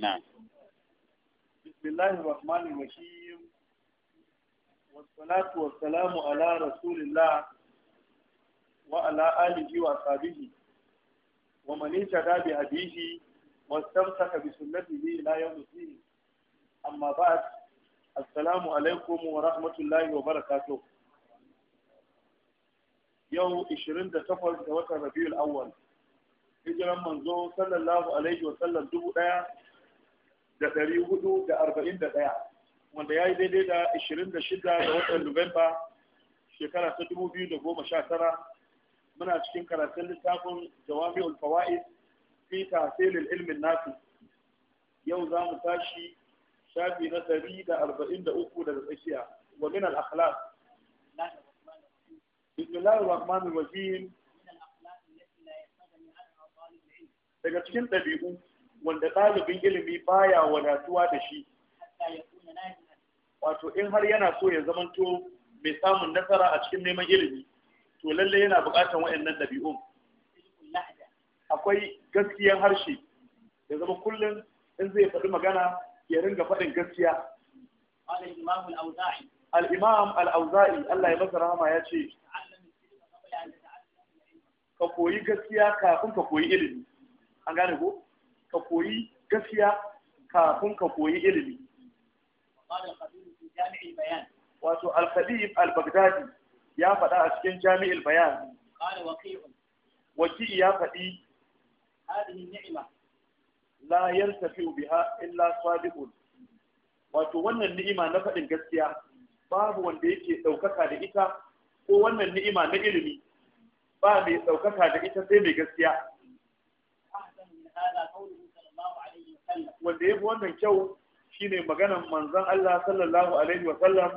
na'am bismillahir rahmanir rahim والصلاة والسلام على رسول الله وعلى آله وأصحابه ومن اهتدى بهديه واستمسك بسنته إلى يوم الدين أما بعد السلام عليكم ورحمة الله وبركاته yau 28 ga watan rabiul awwal hijiran manzo sallallahu alaihi wa sallam dubu daya da ɗari hudu da arba'in da ɗaya wanda ya yi daidai da ashirin da shida da watan nuwamba shekara ta dubu biyu da goma sha tara muna cikin karatun littafin jawami'ul fawa'id fi tahsilil ilmin nafi yau za mu tashi shafi na ɗari da arba'in da uku daga tsakiya wa min al-akhlaq bismillahir rahmanir rahim daga cikin ɗabi'u wanda ɗalibin ilimi baya wadatuwa da shi wato in har yana so ya zamanto mai samun nasara a cikin neman ilimi to lalle yana buƙatar waɗannan ɗabi'un akwai gaskiyar harshe ya zama kullum in zai faɗi magana ya ringa faɗin gaskiya al-imam auzai Allah ya masa rahama ya ce ka koyi gaskiya kafin ka koyi ilimi an gane ko ka koyi gaskiya kafin ka koyi ilimi wato al-khalif al-baghdadi ya faɗa a cikin jami'il bayan Waki ya faɗi la yantafi biha illa sadiqun wato wannan ni'ima na faɗin gaskiya babu wanda yake ɗaukaka da ita ko wannan ni'ima na ilimi ba mai ɗaukaka da ita sai mai gaskiya wanda ya fi wannan kyau shine maganan manzon Allah sallallahu alaihi wa sallam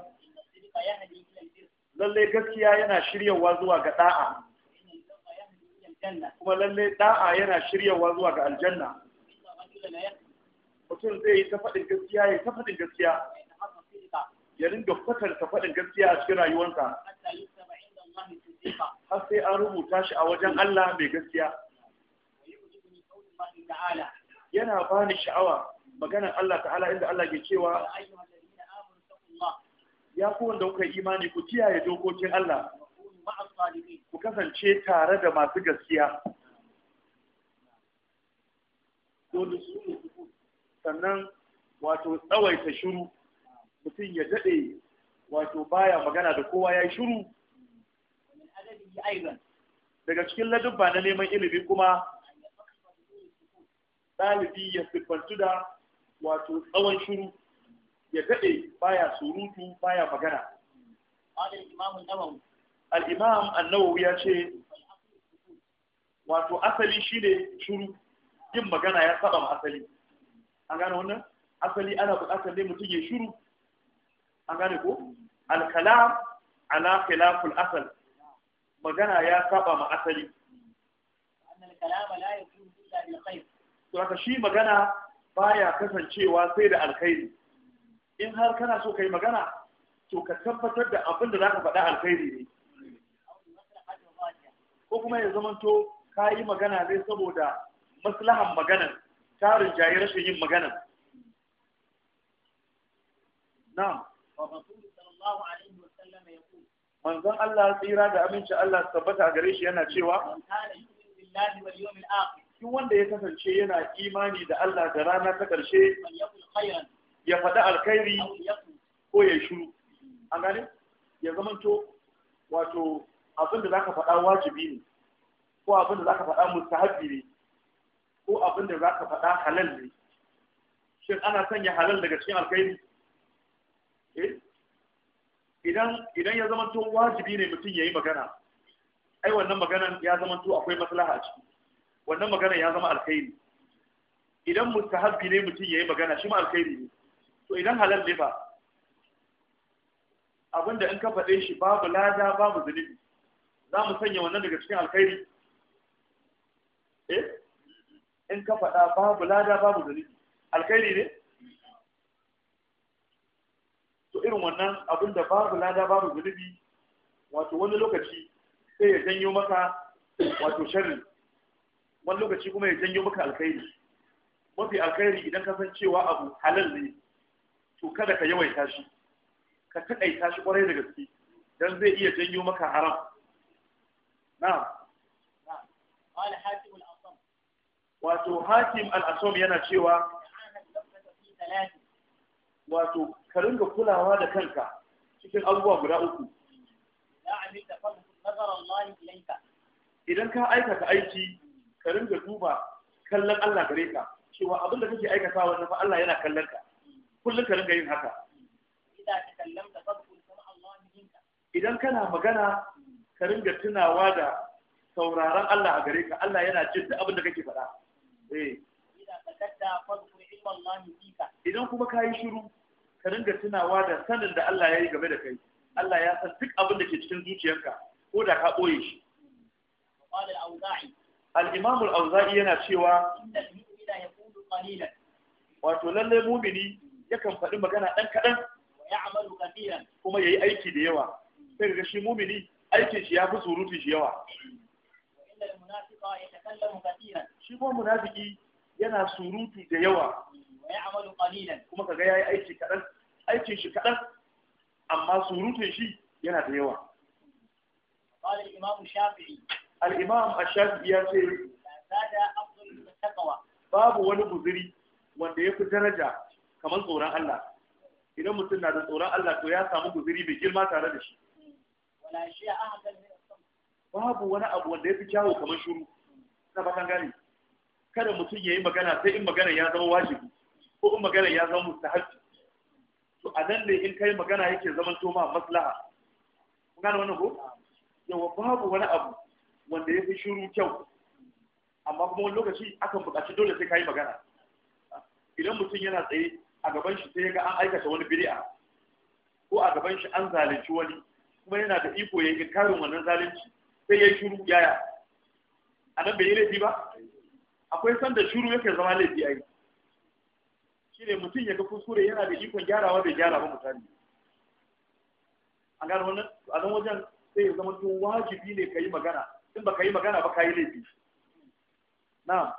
gaskiya yana shiryawa zuwa ga da'a kuma lallai da'a yana shiryawa zuwa ga aljanna mutum zai yi ta faɗin gaskiya ya ta faɗin gaskiya ya ringa ta faɗin gaskiya a cikin rayuwarsa har sai an rubuta shi a wajen Allah mai gaskiya ta'ala yana bani sha'awa maganar Allah ta'ala inda Allah ke cewa ya ku wanda kuka yi imani ku kiyaye dokokin Allah ku kasance tare da masu gaskiya sannan wato tsawaita shiru mutum ya daɗe wato baya magana da kowa ya yi shiru daga cikin ladubba na neman ilimi kuma ɗalibi ya siffantu da wato tsawon shuru ya daɗe baya surutu baya magana Al’imam imam ya ce wato asali shi ne shuru, yin magana ya saba ma asali an gane wannan asali ana buƙatar ne mutum ya shuru, an gane ko al-kalam ala khilaful asal magana ya saba ma asali annal kalama la yakunu illa bil khair saboda shi magana baya kasancewa sai da alkhairi in har kana so kai magana to ka tabbatar da abin da za ka faɗa alkhairi ne ko kuma ya zamanto ka yi magana ne saboda maslahan maganan tarin jayi rashin yin magana. na'am manzon Allah tsira da aminci Allah tabbata gare shi yana cewa duk wanda ya kasance yana imani da Allah da rana ta ƙarshe ya faɗi alkhairi ko ya shuru an gane ya zamanto wato abin da zaka faɗa wajibi ne ko abin da zaka faɗa mustahabbi ne ko abin da zaka faɗa halal ne shin ana sanya halal daga cikin alkhairi eh idan idan ya zamanto wajibi ne mutum yayi magana ai wannan maganan ya zamanto akwai maslaha a ciki wannan magana ya zama alkhairi idan mustahabbi ne mutum ya yi magana shi ma alkhairi ne to idan halal ne ba abinda in ka faɗe shi babu lada babu zunubi za mu sanya wannan daga cikin alkhairi eh in ka faɗa babu lada babu zunubi alkhairi ne to irin wannan abinda babu lada babu zunubi wato wani lokaci sai ya janyo maka wato sharri wani lokaci kuma ya janyo maka alkhairi mafi alkhairi idan ka san cewa abu halal ne to kada ka yawaita shi ka taƙaita shi ƙwarai da gaske dan zai iya janyo maka haram na'am wato hakim al-asam yana cewa wato ka ringa kulawa da kanka cikin abubuwa guda uku idan ka aikata aiki ka rinka duba kallon Allah gare ka cewa abin da kake aikatawa na fa Allah yana kallon ka kullum ka rinka yin haka idan kana magana ka ringa tunawa da sauraron Allah a gare ka Allah yana jin duk abin da kake faɗa eh idan kuma ka yi shiru ka ringa tunawa da sanin da Allah ya yi game da kai Allah ya san duk abin da ke cikin zuciyarka ko da ka ɓoye shi al-imam yana cewa wato lalle mumini yakan faɗi magana ɗan kaɗan kuma ya yi aiki da yawa sai ga shi mumini aikin shi ya fi surutun shi yawa shi kuma munafiki yana surutu da yawa kuma kaga ya yi aiki kaɗan aikin shi kaɗan amma surutun shi yana da yawa al’imam a shafi ya ce babu wani guziri wanda ya fi daraja kamar tsoron Allah idan mutum na da tsoron Allah to ya samu guziri mai girma tare da shi babu wani abu wanda ya fi kyawo kamar shuru na bakan gani, kada mutum ya yi magana sai in magana ya zama wajibi ko in magana ya zama mustahabbi to a nan ne in kai magana yake zama toma maslaha Kuna gane wannan ko yawa babu wani abu wanda ya fi shiru kyau amma kuma wani lokaci akan buƙaci dole sai ka yi magana idan mutum yana tsaye a gaban shi sai ga an aikata wani bid'a ko a gaban shi an zalunci wani kuma yana da iko ya yi karin wannan zalunci sai ya yi shiru yaya a nan bai yi laifi ba akwai sanda shiru yake zama laifi a yi shi ne mutum ya ga kuskure yana da ikon gyarawa bai gyara ba mutane a gano wannan a nan wajen sai ya zama wajibi ne ka yi magana in baka yi magana ba ka yi laifi Na.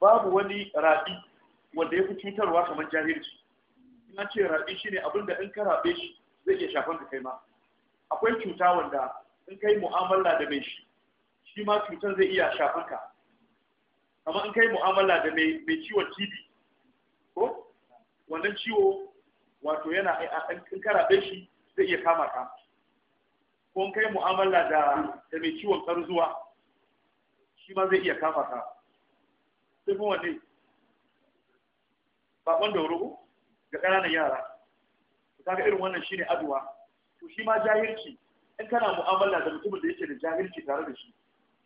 babu wani rabi wanda ya fi cutarwa kamar jahilci Ina ce rabi shine abin da in ka rabe shi zai iya shafan ka kai ma akwai cuta wanda in kai mu'amala da mai shi shi ma cutar zai iya shafan ka amma in kai mu'amala da mai mai ciwon tibi ko wannan ciwo wato yana in ka rabe shi zai iya kama ka ko kai mu'amala da da mai ciwon karzuwa shi ma zai iya kafa ka sai kuma wanne da rubu ga ƙananan yara kaga irin wannan shine aduwa to shi ma jahilci in kana mu'amala da mutumin da yake da jahilci tare da shi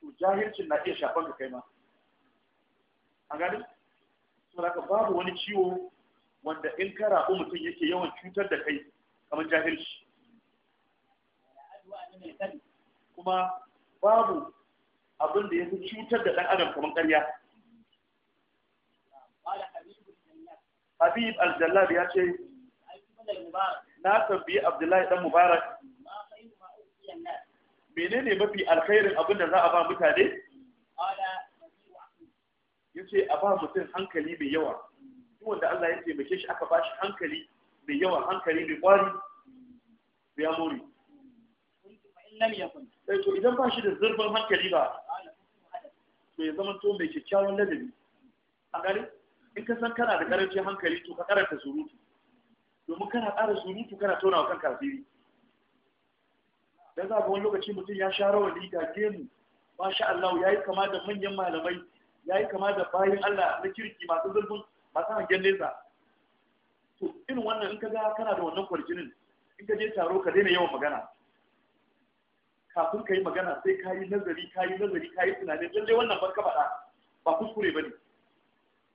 to jahilcin na iya shafan ka kai ma a gani saboda babu wani ciwo wanda in kara mutum yake yawan cutar da kai kamar jahilci shi ne kuma babu abin da ya fi cutar da ɗan adam kamar ƙarya habib al ya ce na tambayi abdullahi ɗan mubarak menene mafi alkhairin abin da za a ba mutane ya ce a ba mutum hankali mai yawa duk wanda Allah ya taimake shi aka ba shi hankali mai yawa hankali mai kwari ya more lam to idan ba shi da zurfin hankali ba to ya zama to mai kyakkyawan ladabi a gare in ka san kana da karancin hankali to ka karanta surutu domin kana ƙara surutu kana tona wa kan kafiri. dan za ga wani lokaci mutum ya sha rawani ga gemu masha Allah yi kama da manyan malamai yi kama da bayan Allah na kirki masu zurfin masu hangen nesa to irin wannan in ka ga kana da wannan kwarjinin in ka je taro ka daina yawan magana kafin ka yi magana sai ka yi nazari ka yi nazari ka yi tunanin lalle wannan ban ka faɗa ba kuskure ba ne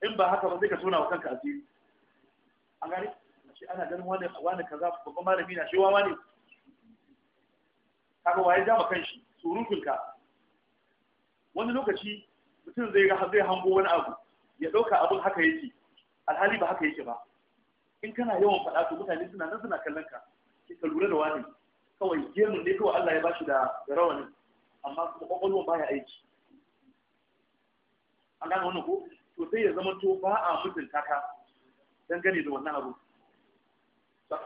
in ba haka ba sai ka tona wa kanka asiri a gani, shi ana ganin wani wani kaza babban malami na shewa wani kaga waye ja kan shi surutun ka wani lokaci mutum zai ga zai hango wani abu ya ɗauka abin haka yake alhali ba haka yake ba in kana yawan faɗa to mutane suna nan suna kallon ka ka lura da wani kawai gemun ne kawai Allah ya bashi da rawanin amma kuma kwakwalwa baya aiki an gane wannan ko to sai ya zama to ba a mutunta ka dangane da wannan abu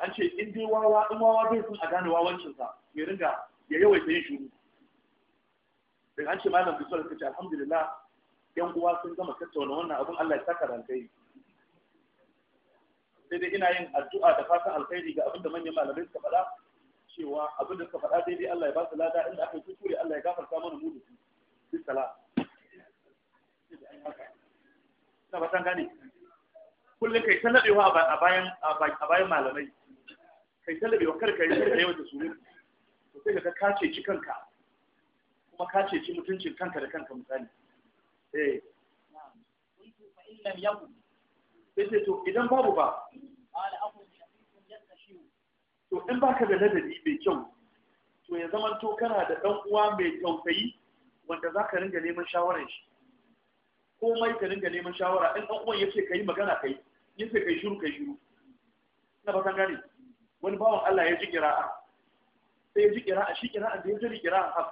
an ce in dai wawa in wawa zai sun a gane wawancinsa ya ringa ya yawaita yin shuru daga an ce malam bisol ka ce alhamdulillah yan uwa sun gama tattauna wannan abun Allah ya saka da sai dai ina yin addu'a da fatan alkhairi ga abinda manyan malamai suka faɗa cewa abin da suka faɗa daidai Allah ya ba su lada inda aka yi kuskure Allah ya gafarta mana mu da su bi sala ina ba san gane kullum kai ta nadewa a bayan a bayan malamai kai ta nadewa kar kai kar kai da surutu to sai ka kace ci kanka kuma kace ci mutuncin kanka da kanka misali eh sai to idan babu ba ala abu to in baka da ladabi mai kyau to ya zama to kana da dan uwa mai tausayi wanda za ka ringa neman shawarar shi komai ka ringa neman shawara in dan uwan ya ce ka yi magana ka yi ya ce ka shiru ka shiru ina ba san gane wani bawan Allah ya ji kira'a sai ya ji kira'a shi kira'a da ya ji kira'a haf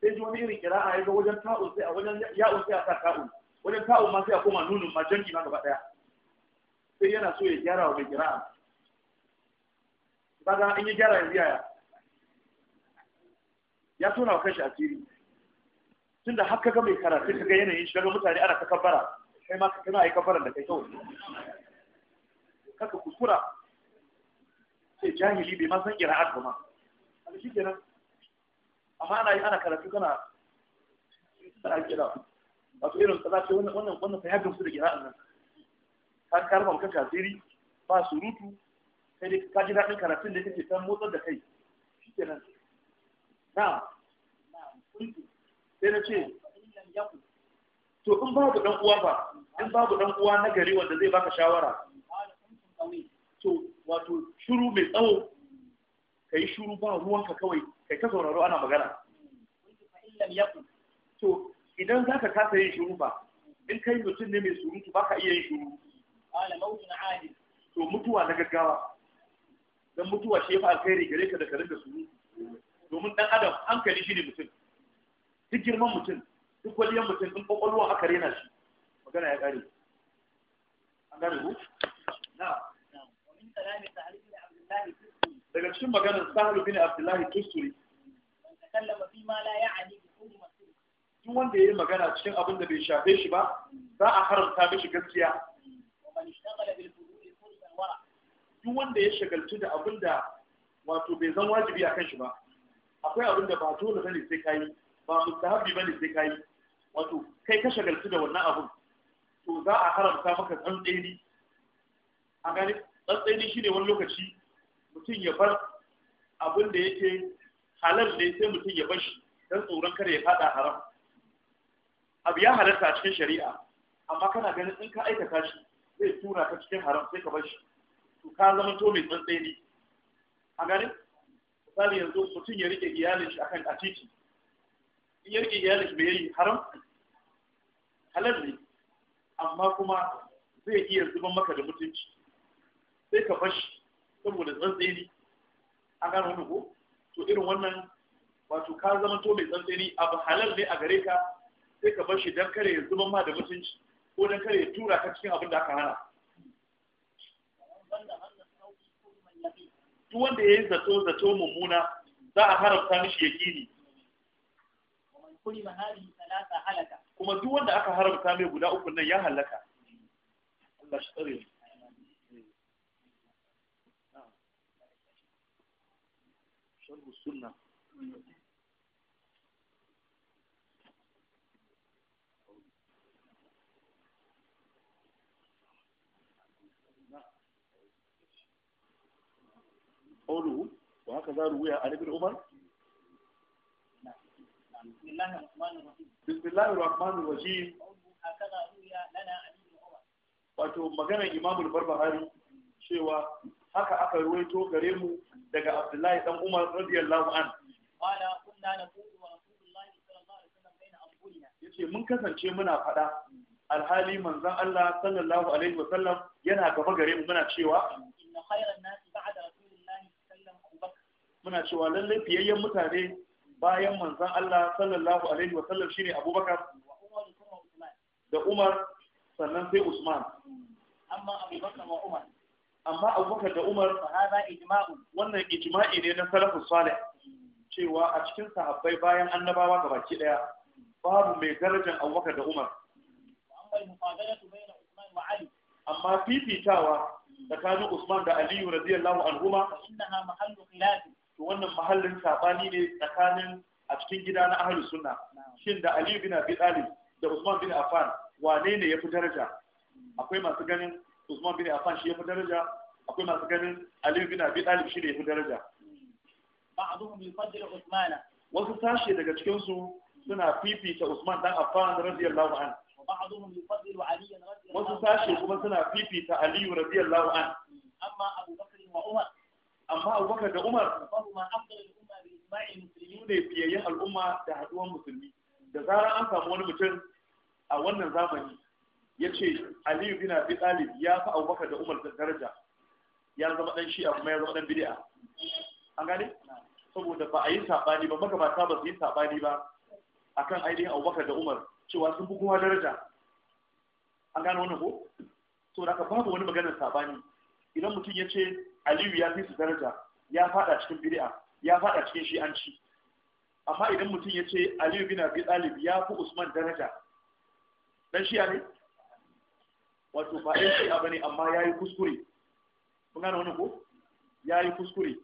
sai ji wani irin kira'a ya ga wajen ta'un sai a wajen ya'un sai a sa ta'un wajen ta'un ma sai a koma nunun ma janki ma gaba ɗaya sai yana so ya gyara wa mai kira'a kaga in yi gyara yanzu yaya ya tona wa kanshi asiri da har kaga mai karatu kaga yanayin shi kaga mutane ana ta kabbara kai ma ka kana yi kabbaran da kai kawai kaka kuskura sai jahili bai ma san qira'at ba ma shi kenan amma ana yi ana karatu kana kana kira wato irin tsada ce wannan wannan ta fa ya da qira'an nan ka karba maka asiri ba surutu kai dai ka ji daɗin karatun da kake kan motsar da kai shikenan na sai na ce to in babu ɗan uwa ba in babu ɗan uwa na gari wanda zai baka shawara to wato shuru mai tsawo Ka yi shuru ba ruwanka kawai kai ta sauraro ana magana to idan za ka kasa yin shuru ba in kai mutum ne mai surutu ba ka iya yin shuru to mutuwa na gaggawa dan mutuwa shi fa alkhairi gare ka da ka rinka su. domin dan adam hankali shi ne mutum duk girman mutum duk waliyan mutum in kwakwalwa aka rena shi magana ya kare an gane ku na daga cikin maganar sahalu bin abdullahi tusturi duk wanda ya yi magana cikin abin da bai shafe shi ba za a haramta mishi gaskiya duk wanda ya shagaltu da abin da wato bai zan wajibi a kan shi ba akwai abin da ba dole bane sai kai ba mustahabi bane sai kai wato kai ka shagaltu da wannan abun to za a haramta maka tsantsaini a gani tsantsaini shine wani lokaci mutum ya bar abin da yake halal ne sai mutum ya bar shi don tsoron kada ya fada haram abu ya halarta a cikin shari'a amma kana ganin in ka aikata shi zai tura ka cikin haram sai ka bar shi ka zama to mai ne a gani misali yanzu mutum ya rike iyalin shi akan atiti in ya rike iyalin shi bai yi haram halal ne amma kuma zai iya zuban maka da mutunci sai ka fashi saboda ne a gane wani ko to irin wannan wato ka zama to mai ne abu halal ne a gare ka sai ka bar shi don kare ya zuban ma da mutunci ko don kare ya tura ka cikin abin da aka hana duk wanda ya yi zato zato mummuna za a haramta mishi gini kuma duk wanda aka haramta mai guda uku nan ya halaka Allah shi tsare sunna قوله وهكذا روي عن ابن عمر بسم الله الرحمن الرحيم بسم الله الرحمن الرحيم هكذا روي لنا عن ابن عمر wato maganar imamul barbahari cewa haka aka ruwaito gare mu daga abdullahi dan umar radiyallahu an qala kunna naqulu wa rasulullahi sallallahu alaihi wasallam baina anbulina yace mun kasance muna fada alhali manzon Allah sallallahu alaihi wasallam yana gaba gare mu muna cewa inna khayran nasi ba'da muna cewa lallai fiyayyen mutane bayan manzon Allah sallallahu alaihi wa sallam shine Abubakar da Umar sannan sai Usman amma Abubakar wa Umar amma Abubakar da Umar hada ijma'u wannan ijma'i ne na salafus salih cewa a cikin sahabbai bayan annabawa gabaki daya babu mai darajar Abubakar da Umar amma fifitawa tsakanin Usman da Aliyu radiyallahu anhuma innaha mahallu khilaf to wannan mahallin sabani ne tsakanin a cikin gida na ahlus sunna shin da Ali bin Abi Talib da Usman bin Affan wane ne yafi daraja akwai masu ganin Usman bin Affan shi yafi daraja akwai masu ganin Ali bin Abi Talib shi ne yafi daraja ba'dhum yufaddilu Usman wasu sashe daga cikin su suna fifita Usman dan Affan radiyallahu anhu wasu sashe kuma suna fifita Aliyu radiyallahu anhu amma Abu wa Umar amma abubakar da umar musulmi ne fiyayyen al'umma da haɗuwan musulmi da zarar an samu wani mutum a wannan zamani ya ce aliyu bin abi talib ya fi abubakar da umar da daraja ya zama dan shi'a kuma ya zama dan bid'a an gane saboda ba a yi sabani ba magabata ba su yi sabani ba akan ainihin abubakar da umar cewa sun fi kowa daraja an gane wannan ko saboda aka babu wani maganar sabani idan mutum ya ce aliyu ya fi su daraja ya fada cikin bid'a ya fada cikin shi'anci amma idan mutum ya ce aliyu bin abi talib ya fi usman daraja dan shi ne wato ba ɗan shi'a bane amma ya yi kuskure kun gane wani ko ya yi kuskure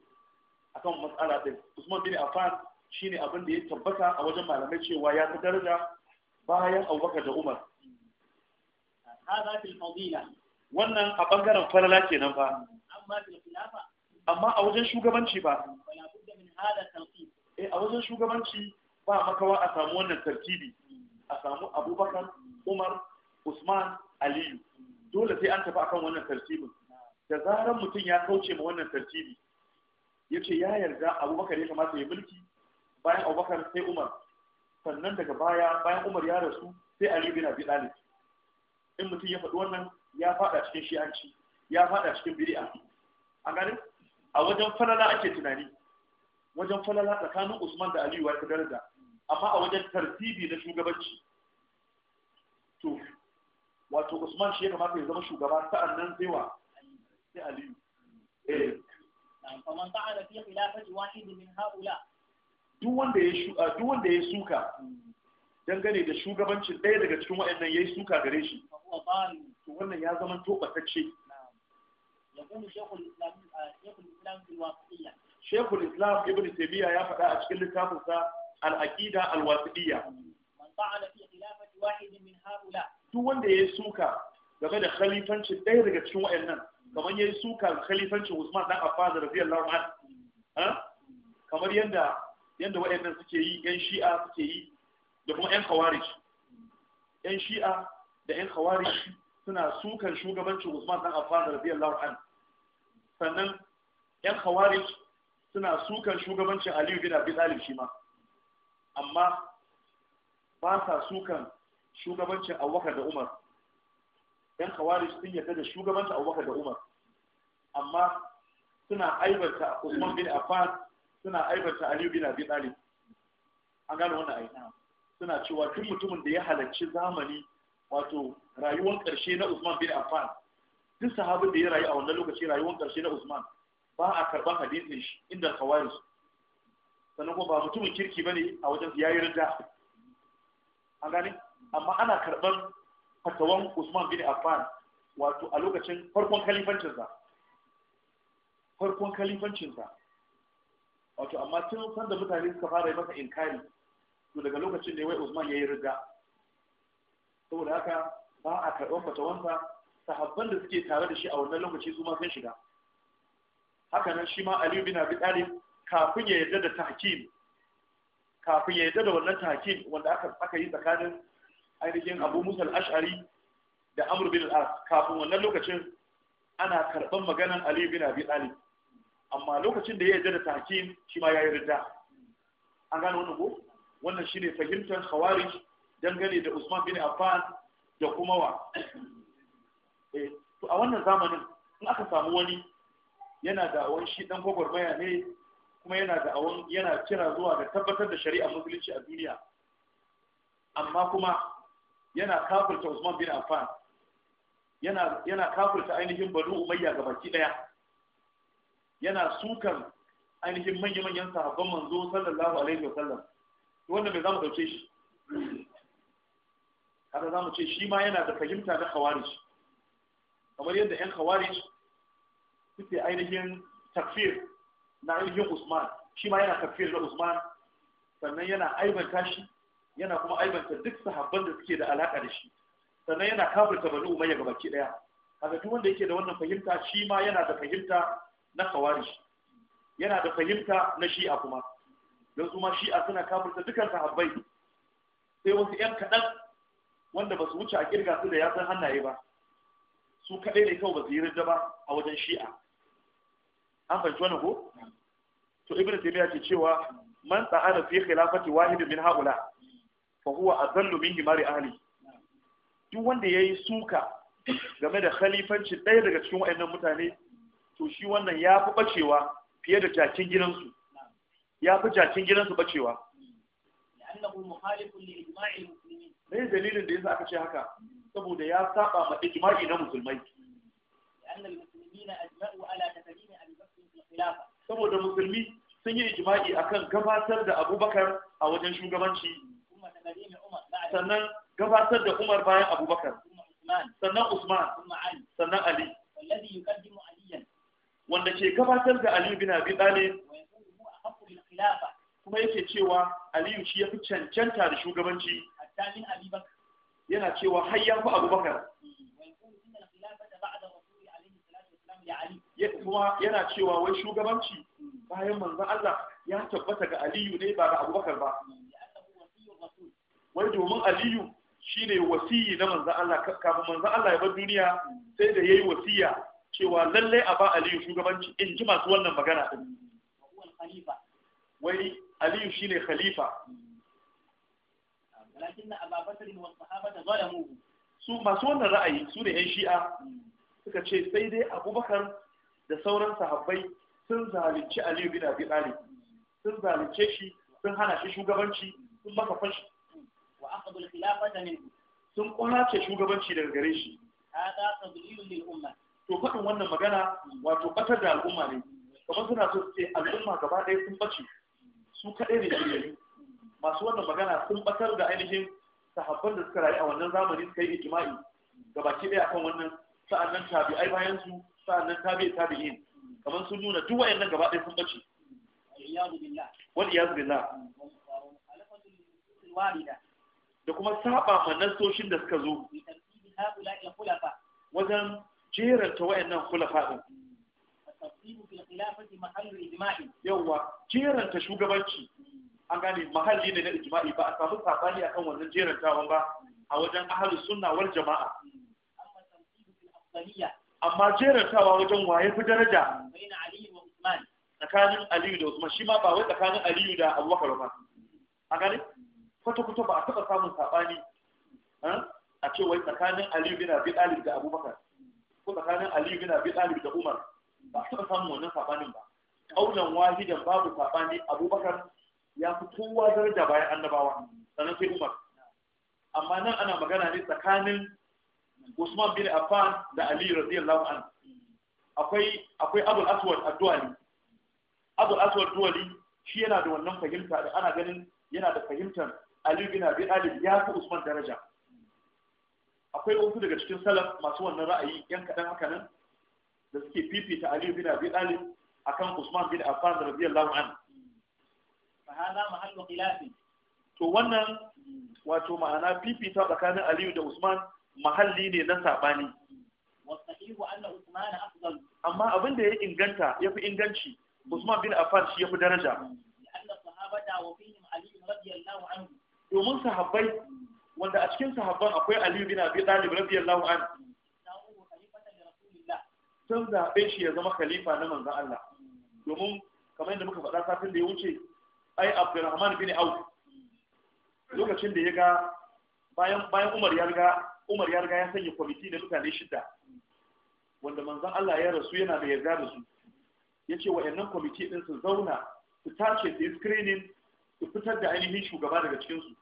akan matsala ɗin usman bin affan shine abin da ya tabbata a wajen malamai cewa ya fi daraja bayan abubakar da umar wannan a bangaren falala kenan fa amma a wajen shugabanci ba eh, a wajen shugabanci ba makawa a samu wannan tartibi a samu abubakar umar usman aliyu dole sai an tafi akan wannan tartibin da zarar mutum ya kauce ma wannan tartibi ya ce ya yarda abubakar ya kamata ya mulki bayan abubakar sai umar sannan daga baya bayan umar ya rasu sai ali bin abi talib in mutum ya faɗi wannan ya faɗa cikin shi'anci ya faɗa cikin biri'a. a gani a wajen falala ake tunani wajen falala tsakanin usman da aliyu wata daraja amma a wajen tartibi na shugabanci to wato usman shi ya kamata ya zama shugaba sa'an nan sai wa sai aliyu eh. duk wanda ya ah, duk wanda ya suka dangane da shugabancin ɗaya daga cikin waɗannan yi suka gare shi to wannan ya zama ce. يقول شيخ الإسلام شيخ ya faɗa a cikin littafinsa ابن تيمية يا فتاة duk wanda ya yi suka game da khalifancin ɗaya daga cikin wayannan kamar ya yi suka khalifancin Usman dan Affan radiyallahu anhu kamar yadda yadda wayannan suke yi ƴan shi'a suke yi da kuma ƴan khawarij Ƴan shi'a da ƴan khawarij suna sukan shugabancin Usman dan Affan radiyallahu anhu sannan yan khawarij suna sukan shugabancin aliyu bin abi talib shi ma amma ba sa sukan shugabancin abubakar da umar yan khawarij sun yarda da shugabancin abubakar da umar amma suna aibanta usman bin affan suna aibarta aliyu bin abi talib an gano wannan aina suna cewa tun mutumin da ya halarci zamani wato rayuwar ƙarshe na usman bin affan duk sahabin da ya rayu a wannan lokaci rayuwar ƙarshe na Usman ba a karban hadisin shi inda khawarij sannan kuma ba mutumin kirki bane a wajen yayi ridda an gane amma ana karban fatawan Usman bin Affan wato a lokacin farkon kalifancinsa farkon kalifancinsa wato amma tun san da mutane suka fara yi masa inkari to daga lokacin da ya wai Usman ya yi rida saboda haka ba a karɓar fatawansa sahabban da suke tare da shi a wannan lokaci su ma sun shiga haka nan shi ma Ali bin Abi Talib kafin ya yarda da tahkim kafin ya yadda da wannan tahkim wanda aka aka yi tsakanin ainihin Abu Musa al-Ash'ari da Amr bin al-As kafin wannan lokacin ana karban maganan Ali bin Abi Talib amma lokacin da ya yarda da tahkim shi ma ya yarda an gane wannan ko wannan shine fahimtar khawarij dangane da Usman bin Affan da kuma wa Eh, to a wannan zamanin in aka samu wani yana da awon shi dan gwagwarmaya ne kuma yana da awon yana kira zuwa da tabbatar da shari'a musulunci a duniya amma kuma yana kafirta Usman bin Affan yana yana kafirta ainihin Banu Umayya baki daya yana sukan ainihin manya-manyan sahabban manzo sallallahu alaihi wasallam to wannan bai zamu dauke shi kada zamu ce shi ma yana da fahimta na khawarij kamar yadda yan khawarij suke ainihin tafiyar na ainihin Usman shi ma yana tafiyar na Usman sannan yana aibanta shi yana kuma aibanta duk sahabban da suke da alaƙa da shi sannan yana kafirta bani umayya gabaki daya kaga duk wanda yake da wannan fahimta shi ma yana da fahimta na khawarij yana da fahimta na shi'a kuma don su ma shi'a suna kafirta dukan sahabbai sai wasu yan kaɗan wanda ba su wuce a ƙirga su da ya san hannaye ba su kaɗai ne kawai ba su yi rinda ba a wajen shi'a an fahimci wani ko to ibnu ya ce cewa man tsa'ana fi khilafati wahidin min haula fa huwa adallu min himari ahli duk wanda yayi suka game da khalifanci ɗaya daga cikin waɗannan mutane to shi wannan ya fi bacewa fiye da jakin gidansu ya fi jakin gidansu bacewa Na yi dalilin da ليه دليل ده إذا أكشي saboda ya saba ma ijma'i na musulmai saboda musulmi sun yi ijma'i akan gabatar da abubakar a wajen shugabanci sannan gabatar da umar bayan abubakar sannan usman sannan ali wanda ke gabatar da aliyu bin abi talib kuma yake cewa aliyu shi ya fi cancanta da shugabanci yana cewa har ya fi abubakar kuma yana cewa wai shugabanci bayan manzan Allah ya tabbata ga Aliyu ne ba ga Abubakar ba wai domin Aliyu shi ne wasiyi na manzan Allah kafin manzan Allah ya bar duniya sai da ya yayi wasiya cewa lallai a ba Aliyu shugabanci in ji masu wannan magana din wai Aliyu shi ne khalifa Lakin lakinna Abu Bakr wa sahabata zalamuhu su masu wannan ra'ayi su ne yan shi'a suka ce sai dai Abubakar da sauran sahabbai sun zalunci Aliyu bin Abi Talib sun zalunce shi sun hana shi shugabanci sun maka fashi wa aqadu al-khilafata minhu sun kwace shugabanci daga gare shi hada tadlilun lil umma to faɗin wannan magana wato batar da al'umma ne kamar suna so su ce al'umma gaba ɗaya sun bace su kaɗai ne shiryayyu masu wannan magana sun batar da ainihin sahabban da suka rayu a wannan zamani suka yi ijma'i gabaki daya kan wannan sa'annan tabi'ai bayan su sa'annan tabi'i tabi'in kamar sun nuna duk wayannan gaba ɗaya sun bace wal iyaz billah da kuma saba ma nasoshin da suka zo wajen jeranta wayannan kulafa din yawwa ta shugabanci an gane mahalli ne na ijma'i ba a samu sabani akan wannan jerantawan ba a wajen ahlus sunna wal jama'a amma jerantawa wajen waye fi daraja tsakanin aliyu da usman shi ma ba wai tsakanin aliyu da abubakar ba a gane kwata kwata ba a taɓa samun sabani eh, a ce wai tsakanin aliyu bin abi dalib da abubakar ko tsakanin aliyu bin abi dalib da umar ba a taɓa samun wannan sabanin ba kaunan wahidan babu sabani abubakar ya fi kowa daraja bayan annabawa sannan sai umar amma nan ana magana ne tsakanin usman bin affan da ali radiyallahu anhu akwai akwai abul aswad a duwali abul aswad duwali shi yana da wannan fahimta da ana ganin yana da fahimtar ali bin abi talib ya fi usman daraja akwai wasu daga cikin salaf masu wannan ra'ayi yan kaɗan haka nan da suke fifita ali bin abi talib akan usman bin affan radiyallahu anhu فهذا محل خلاف to wannan wato ma'ana fifita tsakanin Aliyu da Usman mahalli ne na sabani wasahihu anna Usman afdal amma abin da ya inganta ya fi inganci Usman bin Affan shi ya fi daraja anna sahabata wa fihim Ali radiyallahu anhu domin sahabbai wanda a cikin sahabban akwai Aliyu bin Abi Talib radiyallahu anhu sun zaɓe shi ya zama khalifa na manzon Allah domin kamar yadda muka faɗa safin da ya wuce ai abdurrahman bin auf lokacin da ya ga bayan bayan umar ya riga umar ya riga ya sanya kwamiti na mutane shida wanda manzon Allah ya rasu yana da yarda da su yace wayannan kwamiti din su zauna su tace su screening su fitar da ainihin shugaba daga cikin su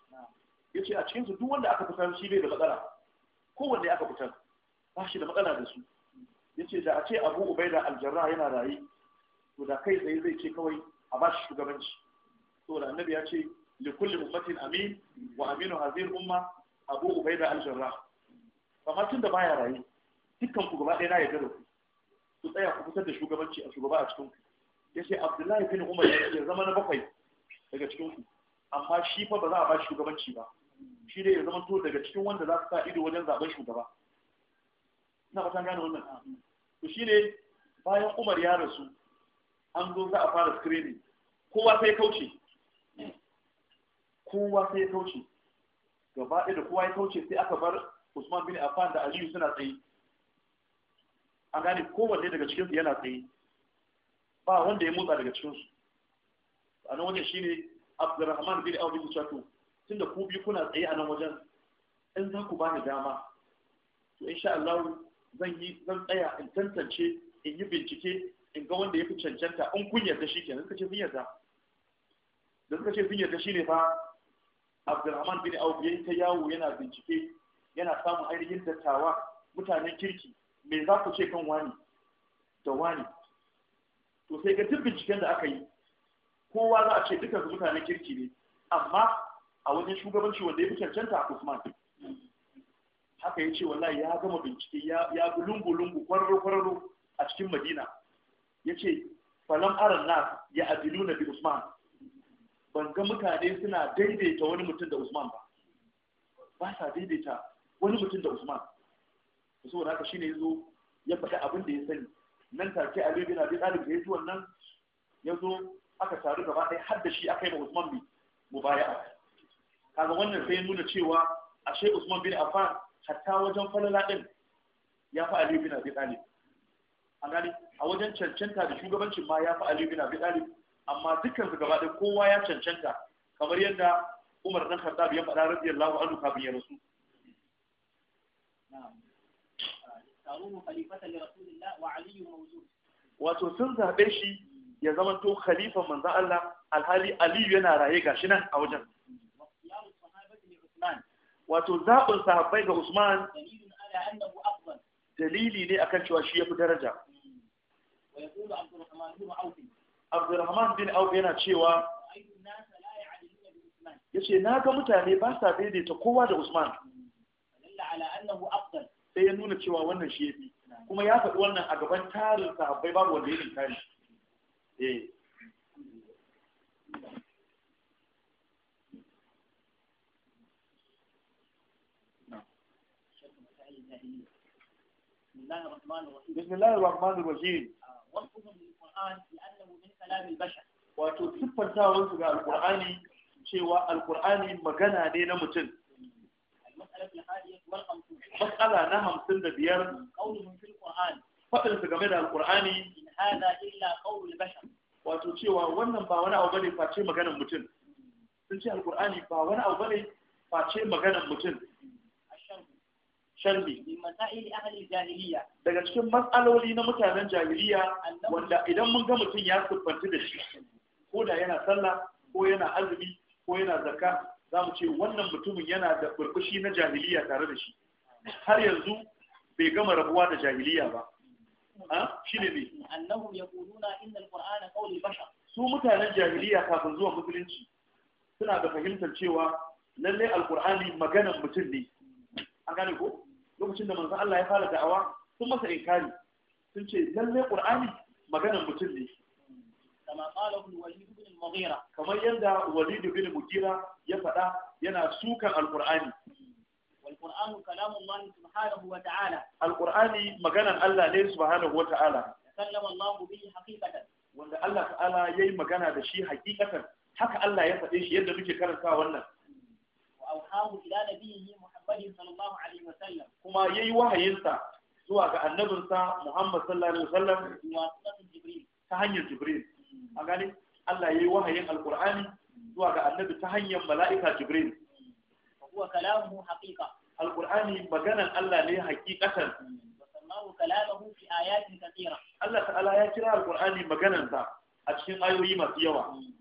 yace a cikin su duk wanda aka fitar shi bai da matsala kowanne aka fitar ba shi da matsala da su yace da a ce Abu Ubaida al-Jarrah yana rayi to da kai tsaye zai ce kawai a ba shi shugabanci saboda annabi ya ce li kulli ummatin amin wa aminu hadhihi umma abu ubaida al-jarrah kamar tun da baya rayu dukkan ku gaba ɗaya na yarda da ku ku tsaya ku fitar da shugabanci a shugaba a cikin ku yace abdullahi bin umar ya zama na bakwai daga cikin ku amma shi fa ba za a ba shugabanci ba shi dai ya zama to daga cikin wanda za su sa ido wajen zaben shugaba ina fatan gane wannan to shi ne bayan umar ya rasu an zo za a fara screening kowa sai kauce kowa sai ya kauce gaba ɗaya da kowa ya kauce sai aka bar Usman bin Affan da Aliyu suna tsaye an gane kowanne daga cikin su yana tsaye ba wanda ya motsa daga cikin su a nan wajen shine Abdurrahman bin Auf bin tun tunda ku biyu kuna tsaye a nan wajen in za ku bani dama to insha Allah zan yi zan tsaya in tantance in yi bincike in ga wanda ya fi cancanta in kun yarda shi kenan suka ce sun yarda da suka ce sun yarda shi ne fa abdulrahman bin auf yi ta yawo yana bincike yana samun ainihin dattawa mutanen kirki me za ku ce kan wani da wani to sai ga duk binciken da aka yi kowa za a ce duka mutanen kirki ne amma a wajen shugabanci wanda ya fi cancanta a usman haka ya ce wallahi ya gama bincike ya bi lungu-lungu kwararo-kwararo a cikin madina ya ce falam aran nas ya adilu na bi usman ban ga mutane suna daidaita wani mutum da Usman ba ba sa daidaita wani mutum da Usman saboda haka shine yazo ya faɗi abin da ya sani nan take Ali bin Abi Talib da yaji wannan yazo aka taru gaba ɗaya har da shi akai yi Usman bi mubaya'a kaga wannan sai nuna cewa ashe Usman bin Affan hatta wajen falala din ya fi Ali bin Abi Talib a gani a wajen cancanta da shugabancin ma ya fi Ali bin Abi Talib amma dukkan su gaba ɗaya kowa ya cancanta kamar yadda Umar dan Khattab ya faɗa radiyallahu anhu kafin ya rasu wato sun zaɓe shi ya zama to khalifan Manza Allah alhali Aliyu yana raye gashi nan a wajen wato zaɓin sahabbai ga Usman dalili ne akan cewa shi ya fi daraja. Hmm. Abdulrahman bin Auf yana cewa yace na ga mutane ba sa daidaita kowa da Usman sai ya nuna cewa wannan shi yafi kuma ya faɗi wannan a gaban tarin sahabbai babu wanda ya tare بسم الله الرحمن الرحيم wasfuhum lil Qur'an bi annahu min kalam al bashar wato siffantawan su ga alqur'ani cewa alqur'ani magana ne na mutum matsala na hamsin da biyar faɗin su game da alƙur'ani wato cewa wannan ba wani abu bane face maganan mutum sun ce alƙur'ani ba wani abu bane face maganan mutum sharri daga cikin matsaloli na mutanen jahiliya wanda idan mun ga mutum ya siffanci da shi ko da yana sallah ko yana azumi ko yana zakka za mu ce wannan mutumin yana da burkushi na jahiliya tare da shi har yanzu bai gama rabuwa da jahiliya ba shi ne ne su mutanen jahiliya kafin zuwa musulunci suna da fahimtar cewa lallai alqur'ani maganan mutum ne an gane ko lokacin da manzo Allah ya fara da'awa sun masa inkari sun ce lalle qur'ani maganar mutum ne kama qala walid ibn mughira kamar yanda walid ibn mughira ya faɗa yana sukan al-qur'ani والقرآن كلام الله سبحانه وتعالى القرآن مجانا الله Allah سبحانه وتعالى تكلم الله به shi وأن الله تعالى يي مجانا بشي حقيقة حكى الله يفتح يد بك كرسا وأن وأوحاه إلى نبيه محمد صلى الله عليه وسلم كما يي zuwa ga annabinsa Muhammad sallallahu alaihi wasallam wasu Jibril ta hanyar Jibril mm. a gani Allah yayi wahayin Alqur'ani zuwa ga annabi ta hanyar mala'ika Jibril huwa kalamu haqiqa Alqur'ani maganan Allah ne haqiqatan sallahu kalamuhu fi ayatin kathira Allah ta'ala ya kira Alqur'ani maganan sa a cikin ayoyi masu yawa mm.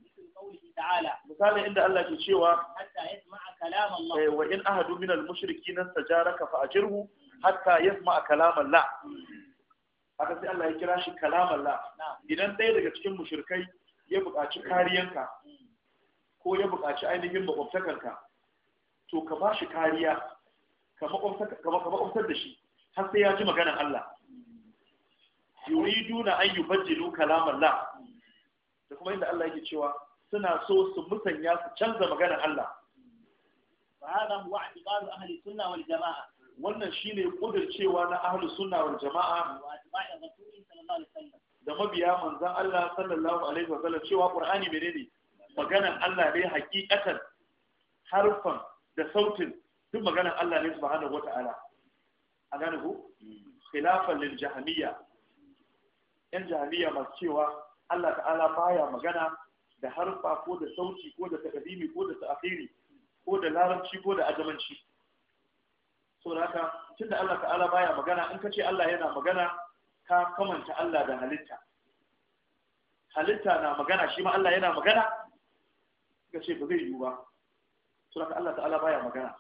ta'ala misalin inda Allah ke cewa hatta yasma'a kalam Allah eh, wa in ahadu min al-mushrikin istajaraka fa ajirhu hatta yasma'a kalam haka sai Allah ya kira shi kalam Allah idan ɗaya daga cikin mushrikai ya buƙaci kariyanka ko ya buƙaci ainihin makwabtakarka to ka ba shi kariya ka makwabtar da shi har sai ya ji maganar Allah yuriduna an yubaddilu kalam Allah da kuma inda Allah yake cewa suna so su musanya su canza maganar Allah fa hada huwa i'tiqadu ahli sunna wal jamaa wannan shine cewa na ahli sunna wal jamaa da mabiya manzan Allah sallallahu alaihi wasallam cewa qur'ani menene maganar Allah ne hakikatan harfan da sautin duk maganar Allah ne subhanahu wata'ala a gane ku khilafan lil jahmiya yan jahmiya masu cewa Allah ta'ala baya magana da harfa ko da sauci ko da takadimi ko da ta'akhiri ko da larabci ko da ajamanci saboda haka tunda Allah ta'ala baya magana in ka ce Allah yana magana ka kamanta Allah da halitta halitta na magana shi ma Allah yana magana ka ce ba zai yiwu ba saboda haka Allah ta'ala baya magana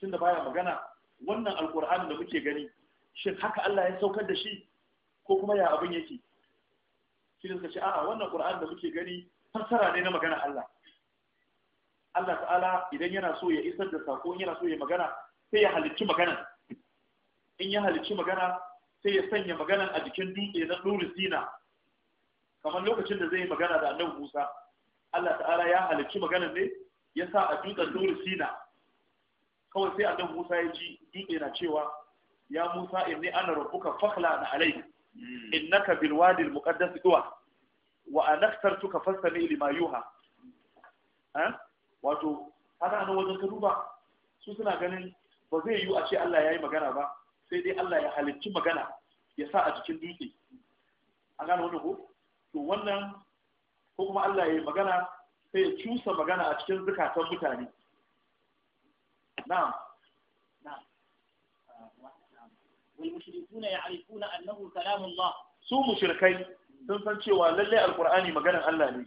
tunda baya magana wannan alkur'an da muke gani shin haka Allah ya saukar da shi ko kuma ya abin yake shi da suka ce a'a wannan qur'ani da muke gani fassara ne na magana Allah Allah ta'ala idan yana so ya isar da sako yana so ya magana sai ya halicci magana in ya halicci magana sai ya sanya magana a jikin dutse na ɗori sina kamar lokacin da zai yi magana da annabi musa Allah ta'ala ya halicci magana ne ya sa a dutsen ɗori sina kawai sai annabi musa ya ji dutse na cewa ya musa inni ana rabbuka fakhla na alai hmm. innaka bil wadi al muqaddas duwa wa anaktar tuka fastami lima yuha eh? wato haka nan wajen ka duba su suna ganin ba zai yiwu a ce Allah ya yi magana ba sai dai Allah ya halicci magana ya sa a cikin dutse an gane wani ko to wannan ko kuma Allah ya yi magana sai ya cusa magana a cikin zukatan mutane Na, na'am ya يعرفون annahu كلام الله su mushrikai sun san cewa lallai alqur'ani maganar Allah ne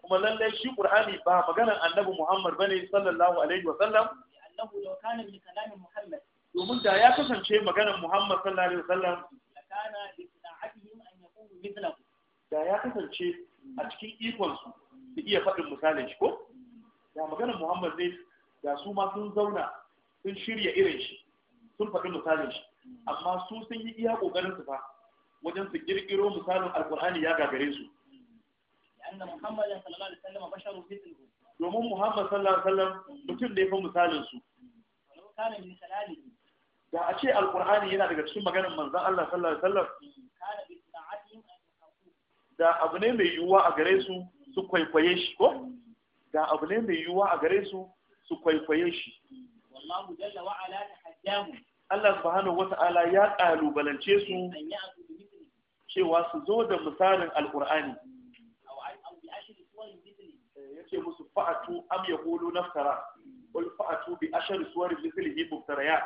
kuma lallai shi qur'ani ba maganar annabi Muhammad bane sallallahu alaihi wa sallam domin da ya kasance maganar Muhammad sallallahu alaihi wa sallam da ya kasance a cikin ikonsu su iya faɗin misalin shi ko da maganar Muhammad ne da su ma sun zauna sun shirya irin shi sun faɗi misalin shi amma su sun yi iya ƙoƙarin su fa wajen su kirkiro misalin alkur'ani ya gagare su domin muhammad sallallahu alaihi wasallam mutum ne fa misalin su da a ce alkur'ani yana daga cikin maganar manzon Allah sallallahu alaihi wasallam hmm, da abu ne mai yiwuwa a gare su su kwaikwaye shi ko da abu ne a gare su su kwaikwaye shi wallahu ala Allah subhanahu wata'ala ya kalubalance su cewa su zo da misalin alkur'ani yace musu fa'atu am yaqulu naftara qul fa'atu bi ashri suwarin mithlihi muftariyat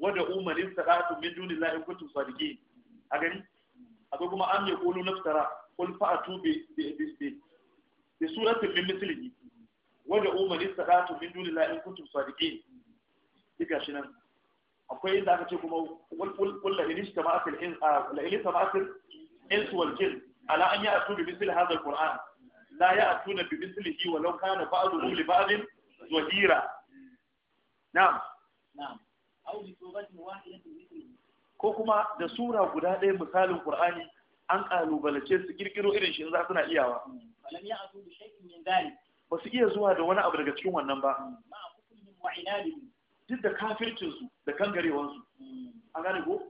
wa da umarin sadatu min dunillahi in kuntum sadiqin a gani akwai kuma am yaqulu naftara qul fa'atu bi bi bi surati min mithlihi wa da'u umarin sadatu min dunillahi in kuntum sadiqin diga shi nan akwai inda aka ce kuma wal la in istama fil in ah, la in istama fil ins wal jin ala an ya'tu bi misli hadha al qur'an la ya'tuna bi mislihi wa law kana ba'duhu li ba'din zahira na'am na'am aw bi suratin wahidatin ko kuma da sura guda ɗaya misalin qur'ani an kalubalace su kirkiro irin shi in za suna iyawa falam bi shay'in min dhalik ba su iya zuwa da wani abu daga cikin wannan ba ma'a duk da kafircinsu da kangarewansu hmm. a gane ko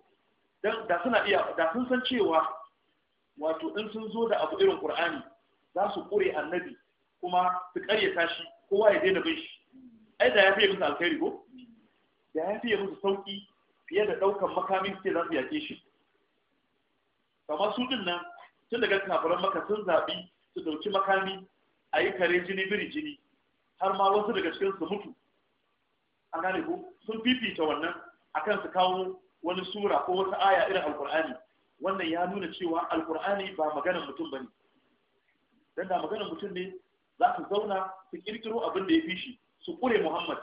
da suna iya da sun san cewa wato in sun zo da abu irin qur'ani za su kure annabi kuma su karyata shi kowa ya daina bin shi hmm. ai da ya fiye musu alkhairi ko da ya fiye musu sauki fiye da daukan makamin ce za su yake shi kamar su din nan tun daga kafiran maka sun zabi su ɗauki makami a yi kare jini biri jini har ma wasu daga cikin su mutu A gane ku sun fifita wannan akan su kawo wani sura ko wata aya irin alkur'ani wannan ya nuna cewa alkur'ani ba maganar mutum bane dan da maganar mutum ne za su zauna su kirkiro abin da ya fi shi su kure muhammad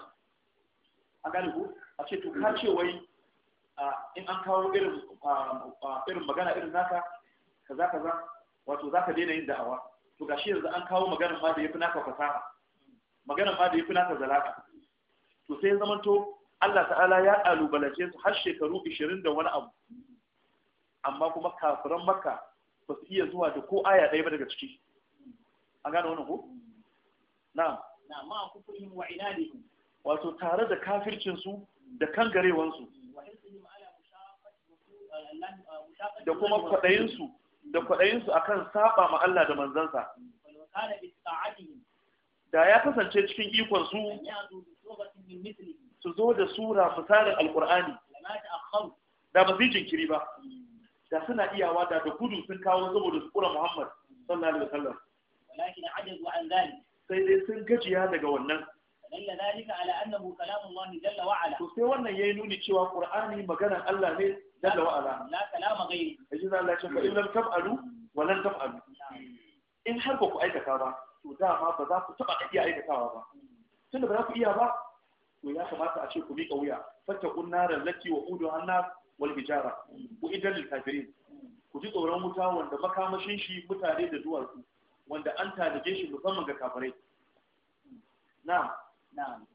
A gane ku a ce to ka ce wai in an kawo irin irin magana irin naka kaza kaza wato zaka daina yin da'awa to gashi yanzu an kawo maganar ma da yafi naka fasaha maganar ma da yafi naka zalaka to sai to Allah ta'ala ya kalubalance su har shekaru 20 da wani abu amma kuma kafiran makka ba su iya zuwa da ko aya ɗaya ba daga ciki an gane wannan ko na'am na'am ma kufrihim wa inadihim wato tare da kafircin su da kangarewan su da kuma kwaɗayinsu su da kwaɗayin su akan saba ma Allah da manzansa da ya kasance cikin ikon su su zo da sura misalin alqur'ani da ba su jinkiri ba da suna iyawa da da gudu sun kawo saboda su kura muhammad sallallahu alaihi wasallam sai dai sun gajiya daga wannan dalla to sai wannan yayi nuni cewa qur'ani maganar Allah ne jalla wa ala la kalama ghairi yaji Allah ya ce fa illam taf'alu wa lan taf'alu in har ba ku aikata ba to dama ba za ku taba iya aikatawa ba tun da ba za ku iya ba to ya kamata a ce ku miƙa wuya fata kun naran lati wa udu hanna wal hijara ku idan lil kafirin ku ji tsoron wuta wanda makamashin shi mutane da duwatsu wanda an tanaje shi musamman ga kafirai na'am na'am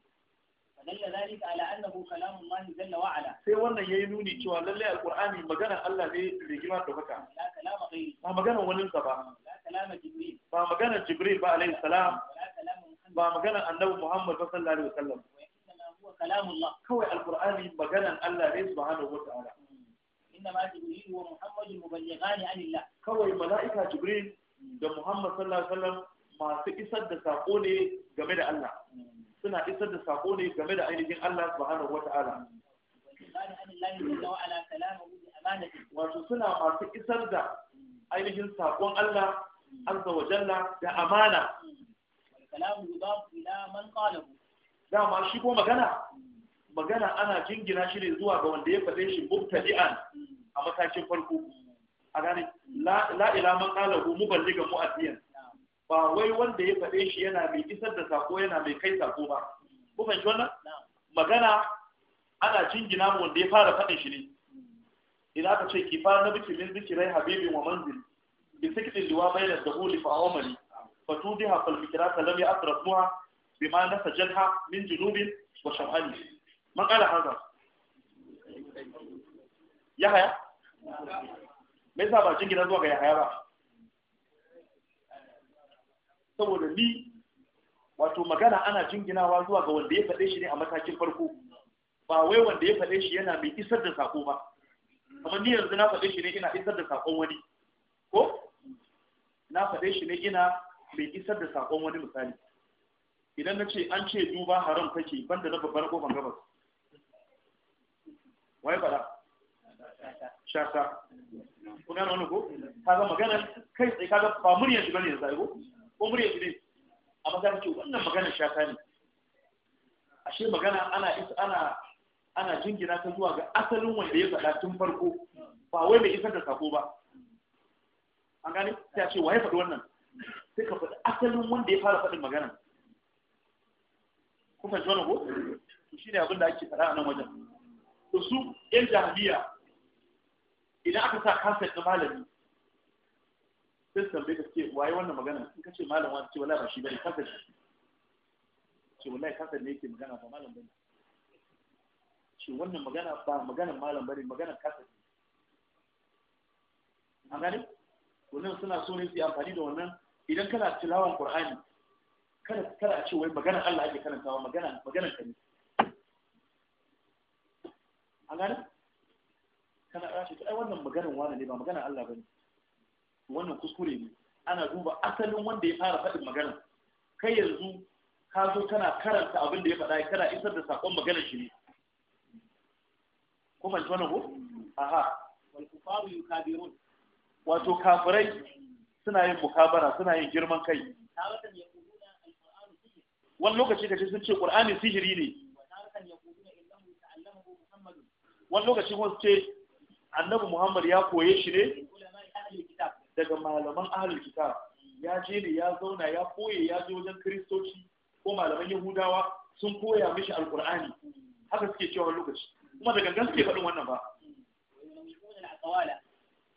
dalla zalika ala annahu kalamu Allah jalla wa ala sai wannan yayi nuni cewa lalle alqur'ani magana Allah ne rigima da baka la kalama ghairi ba magana wani sa ba la kalama jibril ba magana jibril ba alaihi salam ba maganar annabi Muhammad ba sallallahu alaihi wasallam kawai alqur'ani maganar Allah ne subhanahu wa ta'ala إنما جبريل ومحمد مبلغان عن الله كوي ملائكة جبريل da Muhammad sallallahu alaihi wasallam masu isar da sako ne game da Allah suna isar da sako ne game da ainihin Allah subhanahu wata'ala wato suna masu isar da ainihin sakon Allah azza wa jalla da amana kalamu yudafu ila man qalahu dama shi ko magana magana ana jingina shi ne zuwa ga wanda ya faɗe shi mubtadi'an a matakin farko a gane la ila man qalahu muballigan mu'addiyan ba wai wanda ya faɗe shi yana mai isar da sako yana mai kai sako ba ku fahimci wannan magana ana jingina mu wanda ya fara faɗin shi ne idan aka ce kifa na bikin min rai habibin wa manzil bi sikdin liwa bayna dahuli fa awmali فتودها فالفكرات لم يأترفوها بما نسجلها من جنوب وشمال من قال هذا؟ يحيى me sa ba jingina zuwa ga Yahaya ba saboda ni wato magana ana jinginawa zuwa ga wanda ya faɗe shi ne a matakin farko ba wai wanda ya faɗe shi yana mai isar da sako ba kamar ni yanzu na faɗe shi ne ina isar da sakon wani ko na faɗe shi ne ina mai isar da sakon wani misali idan na ce an ce duba haram ban banda na babbar kofar gabas wai fada shasa kun gane wani ko Ka ga magana kai tsaye ga ba murya shi bane yanzu ai ko ko muryar shi ne amma za ce wannan magana shasa ne ashe magana ana isa ana ana jingina ta zuwa ga asalin wanda ya faɗa tun farko ba wai mai isar da sako ba an gane sai a ce waye faɗi wannan sai ka faɗi asalin wanda ya fara faɗin magana ku fahimci wannan ko to shine abin da ake fara a nan wajen to su yan jahiliya idan aka sa kaset na malami sai san bai ka ce waye wannan magana in kace ce malam wani ce wallahi ba shi bane kaset shi ce wallahi kaset ne yake magana ba malam bane ce wannan magana ba maganar malam bane maganar kaset ne an gane wannan suna so ne su yi amfani da wannan idan kana tilawan qur'ani kada kada a ce wai magana Allah ake karantawa magana magana ka ne an gane kana a ce ai wannan maganar wani ne ba magana Allah bane wannan kuskure ne ana duba asalin wanda ya fara faɗin magana kai yanzu ka zo kana karanta abin da ya faɗa kana isar da sakon maganar shi ne ko ban wannan ko aha wal kufaru yukadirun wato kafirai suna yin mukabara suna yin girman kai wani lokaci kace sun ce qur'ani sihiri ne wani lokaci kuma ce annabi muhammad ya koye shi ne daga malaman ahlul kitab ya je ne ya zauna ya koye ya je wajen kristoci ko malaman yahudawa sun koya mishi alqur'ani haka suke cewa wani lokaci kuma da gangan suke faɗin wannan ba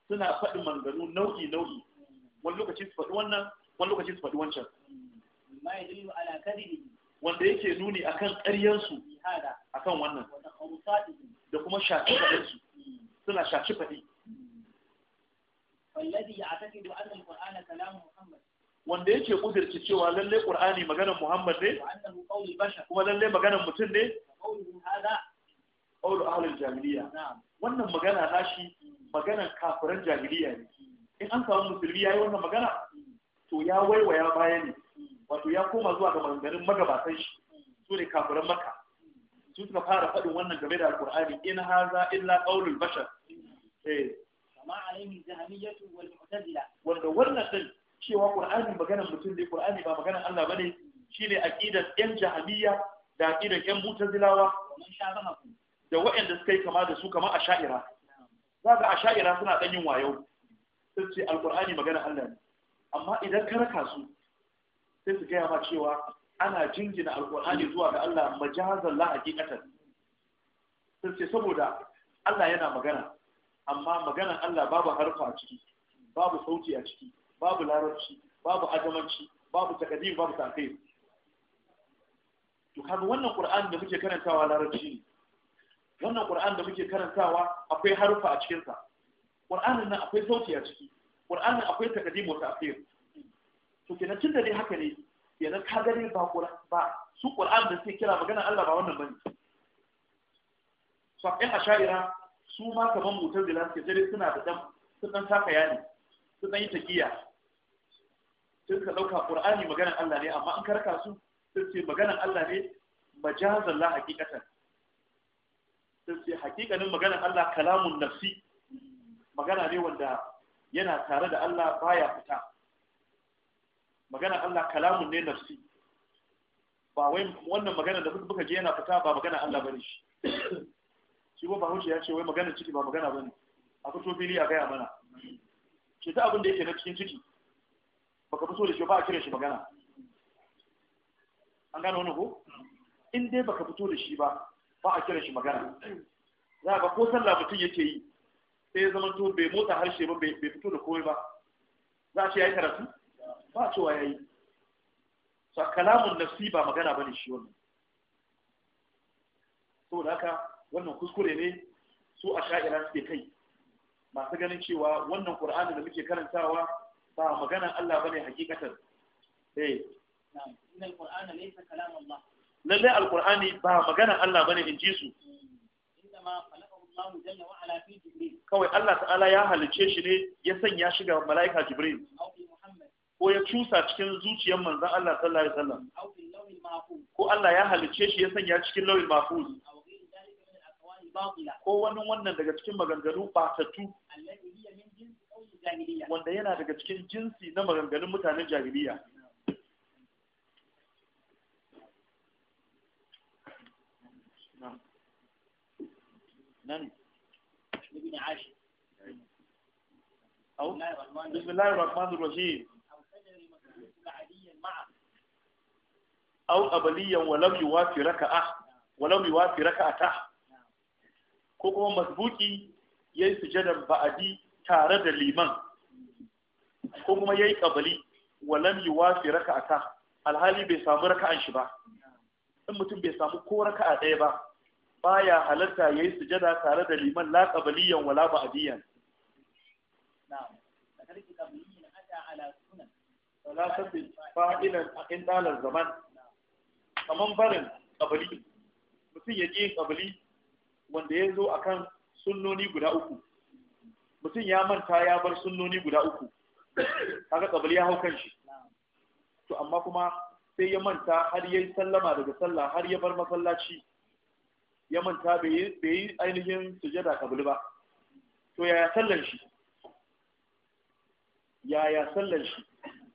suna faɗin manganu nau'i nau'i wani lokaci su faɗi wannan wani lokaci su faɗi wancan wanda yake nuni akan ƙaryansu akan wannan da kuma shafi faɗinsu suna shafi faɗi wanda yake ƙudurci cewa lallai ƙur'ani maganar muhammad ne kuma lallai maganar mutum ne ƙaulu ahalin Jamiliya, wannan magana nashi maganar kafiran Jamiliya ne in an samu musulmi ya yi wannan magana to ya waiwaya baya ne wato ya koma zuwa ga maganganun magabatan shi su ne kafiran maka su suka fara faɗin wannan game da alkur'ani in haza illa qaulul bashar eh kama alaihi jahamiyatu wal mu'tazila wanda wannan din cewa qur'ani maganar mutum ne qur'ani ba maganar Allah bane shine aqidar yan jahamiyya da aqidar yan mu'tazilawa da waɗanda suka yi kama da su kama asha'ira za a asha'ira suna ɗan yin wayo sai ce alkur'ani magana Allah ne amma idan ka raka su sai su gaya ma cewa ana jingina alkur'ani zuwa ga Allah majazan la haqiqatan sai ce saboda Allah yana magana amma maganan Allah babu harfa a ciki babu sauti a ciki babu larabci babu adamanci babu takadim babu takai to kaga wannan qur'ani da muke karantawa larabci ne wannan qur'ani da muke karantawa akwai harfa a cikin sa qur'anin nan akwai sauti a ciki qur'anin akwai takadimu wa ta'khir to kenan da dai haka ne kenan ka gare ba ba su qur'an da suke kira magana Allah ba wannan bane so ɗan asha'ira su ma kaman mutazila suke jere suna da dan sun dan saka yani sun dan yi taqiya sun ka dauka ƙur'ani maganan Allah ne amma an karka su sun ce maganan Allah ne majazan la hakikatan sun ce hakikanin maganan Allah kalamun nafsi magana ne wanda yana tare da Allah baya fita magana Allah kalamun ne nafsi ba wai wannan magana da kuka je yana fita ba magana Allah bane shi shi ba Bahaushe ya ce wai magana ciki ba magana bane a fito fili a gaya mana ce ta abin da yake na cikin ciki baka fito da shi ba a kira shi magana an gano wani ko in dai baka fito da shi ba ba a kira shi magana za ga ko sallah mutum yake yi sai ya zama to bai motsa harshe ba bai fito da komai ba za a ce ya yi karatu ba a cewa ya yi kalamun nafsi ba magana ba ne shi wannan saboda haka wannan kuskure ne su a sha'ira suke kai masu ganin cewa wannan qur'ani da muke karantawa ba maganan Allah bane hakikatan eh lallai ba Allah in ji su hmm. kawai Allah ta'ala ya halice shi ne ya sanya shiga mala'ika jibril ko ya cusa cikin zuciyar manzan Allah sallallahu alaihi wasallam ko Allah ya halice shi ya sanya cikin lauyin mahfuz ko wani wannan daga cikin maganganu batatu wanda yana daga cikin jinsi na maganganun mutanen jahiliya nan ibn ashir أو بسم الله الرحمن الرحيم أو أبليا ولم يوافي ركعة ولم يوافي ركعته ko kuma masbuki ya yi sujadan ba'adi tare da liman ko kuma ya yi ƙabali walam yi wafi raka'ata alhali bai samu raka'an shi ba in mutum bai samu ko raka'a ɗaya ba baya halarta yayi sujada tare da liman la qabliyan wala ba'diyan na'am kadalika qabliyan ata ala sunan wala sabbi fa'ilan in zaman kaman barin qabli mutum ya ji qabli wanda ya zo akan sunnoni guda uku mutum ya manta ya bar sunnoni guda uku kaga qabli ya hau kan shi to amma kuma sai ya manta har yayi sallama daga sallah har ya bar masallaci ya manta bai yi ainihin sujada kabul ba to yaya sallan shi yaya sallan shi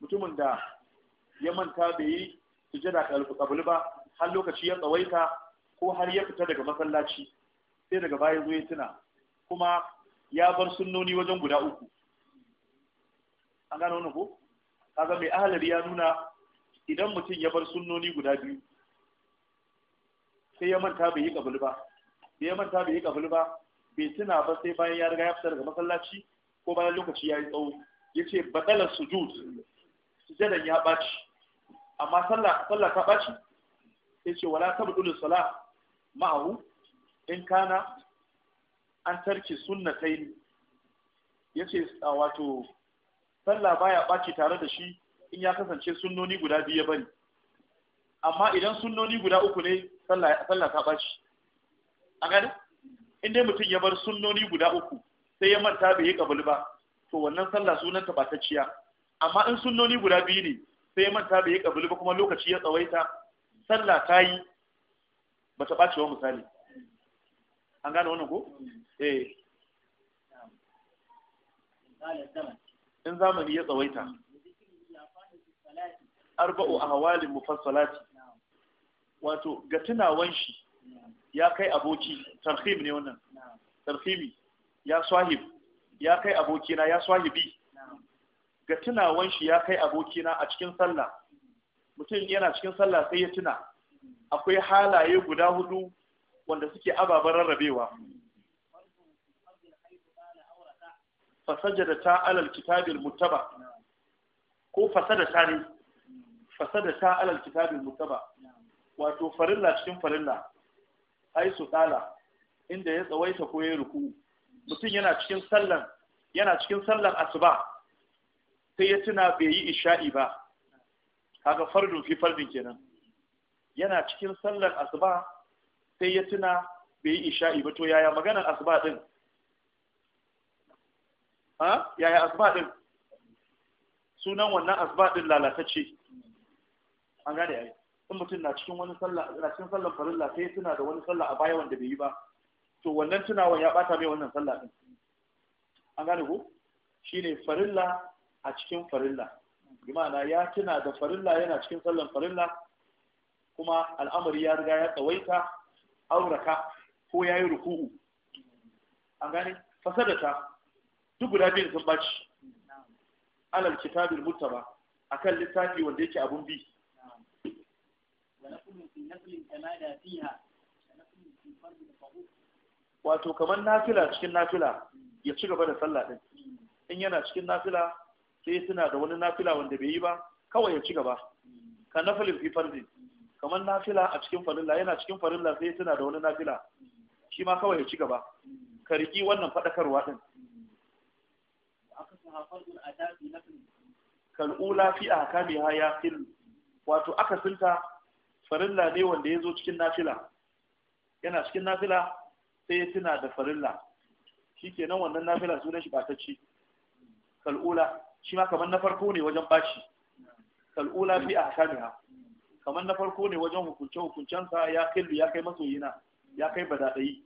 mutumin da ya manta bai yi sujada kabul ba har lokaci ya tsawaita ko har ya fita daga masallaci sai daga bayan zo ya tuna kuma ya bar sunnoni wajen guda uku an gano wani ko kaga mai ahalari ya nuna idan mutum ya bar sunnoni guda biyu sai ya manta bai yi kabul ba sai ya manta bai yi kabul ba bai tuna ba sai bayan ya riga ya fita daga masallaci ko bayan lokaci ya yi tsawo ya ce badalar sujud sujadan ya ɓaci amma sallah sallah ta ɓaci sai ce wala tabdul sala ma'ahu in kana an tarki sunnatain yace wato sallah baya ɓaci tare da shi in ya kasance sunnoni guda biyu ya bari amma idan sunnoni guda uku ne sallah ta bashi a gani in dai mutum ya bar sunnoni guda uku sai ya manta bai yi kabul ba to wannan sallah sunan ta batacciya amma in sunnoni guda biyu ne sai ya manta bai yi kabul ba kuma lokaci ya tsawaita sallah ta yi ba ta bacewa misali an gane wannan ko eh in zamani ya tsawaita arba'u ahwalin mufassalati wato ga tunawan shi ya kai aboki tarhim ne wannan tarhimi ya swahib ya kai abokina ya swahibi ga tunawan shi ya kai abokina a cikin sallah mutum yana cikin sallah sai ya tuna akwai halaye guda hudu wanda suke ababen rarrabewa fasajada ta alal kitabil Mutaba, ko fasada ta ne fasada ta alal kitabil Mutaba. wato farilla cikin farilla ai su tsala inda ya tsawaita ko ya ruku mutum yana cikin sallan yana cikin sallan asuba sai ya tuna bai yi isha'i ba kaga fardun fi fardin kenan yana cikin sallan asuba sai ya tuna bai yi isha'i ba to yaya maganar asuba din ha yaya asuba din sunan wannan asuba din lalatacce an gane yayi in mutum na cikin wani sallah na cikin sallan farilla sai tuna da wani sallah a baya wanda bai yi ba to wannan tunawan ya bata mai wannan sallah din an gane ko shine farilla a cikin farilla bi ma'ana ya tuna da farilla yana cikin sallan farilla kuma al'amari ya riga ya tsawaita auraka ko ya yi ruku'u an gane fasadata duk guda biyun sun baci alal kitabil mutaba akan littafi wanda yake abun bi wato kamar nafila cikin nafila ya ci gaba da sallah din in yana cikin nafila sai suna da wani nafila wanda bai yi ba kawai ya ci gaba ka nafilin fi farzi kamar nafila a cikin farilla yana cikin farilla sai suna da wani nafila shi ma kawai ya ci gaba ka riki wannan fadakarwa din kal'ula fi ahkamiha ya fil wato akasinta farilla ne wanda ya zo cikin nafila yana cikin nafila sai ya tuna da farilla shi kenan wannan nafila sunan shi batacci kal'ula shi ma kamar na farko ne wajen bashi kal'ula fi a ha. kamar na farko ne wajen hukunce hukuncensa ya killu ya kai masoyina ya kai badadayi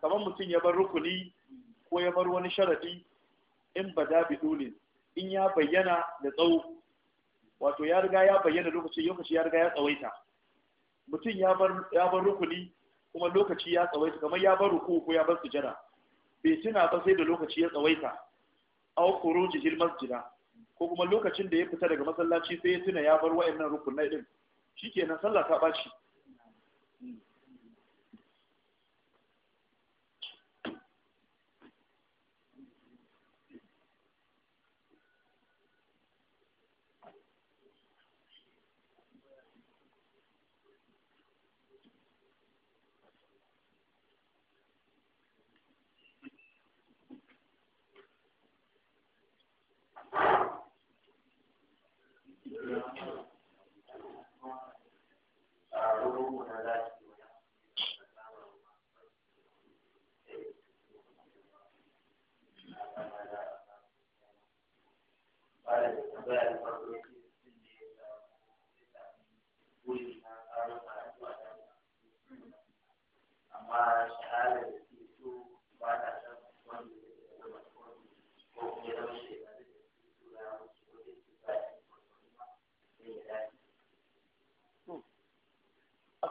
kamar mutum ya bar rukuni ko ya bar wani sharadi in bada ne. in ya bayyana da tsawo wato ya riga ya bayyana lokaci lokaci ya riga ya tsawaita mutum ya bar rukuni kuma lokaci ya tsawaita kamar ya bar ruku ko ya bar sujada bai tuna ba sai da lokaci ya tsawaita aw khurujihil masjida ko kuma lokacin da ya fita daga masallaci sai ya tuna ya bar wa'annan rukunai din shikenan sallah ta baci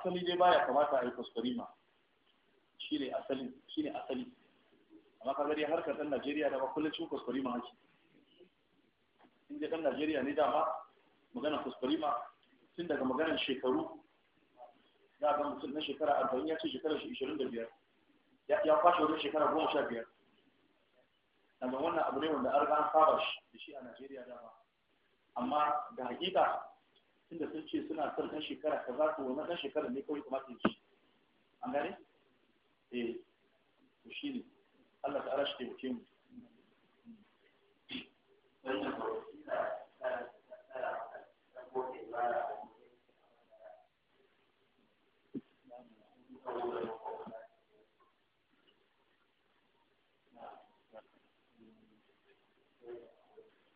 asali dai baya kamata a yi kuskure ma shi ne asali shi ne asali amma ka gari harkar ɗan Najeriya da ba kullum cin kuskure ma haki in dai ɗan Najeriya ne dama magana kuskure ma tun daga maganar shekaru za ga mutum na shekara arba'in ya ce shekara ishirin da biyar ya kwashe wajen shekara goma sha biyar daga wannan abu ne wanda an saba shi da shi a Najeriya dama amma da hakika tunda sun ce suna son ɗan shekara ka za su wannan ɗan shekara ne kawai kamata ya ci an gane eh shi ne Allah ta'ala shi taimake mu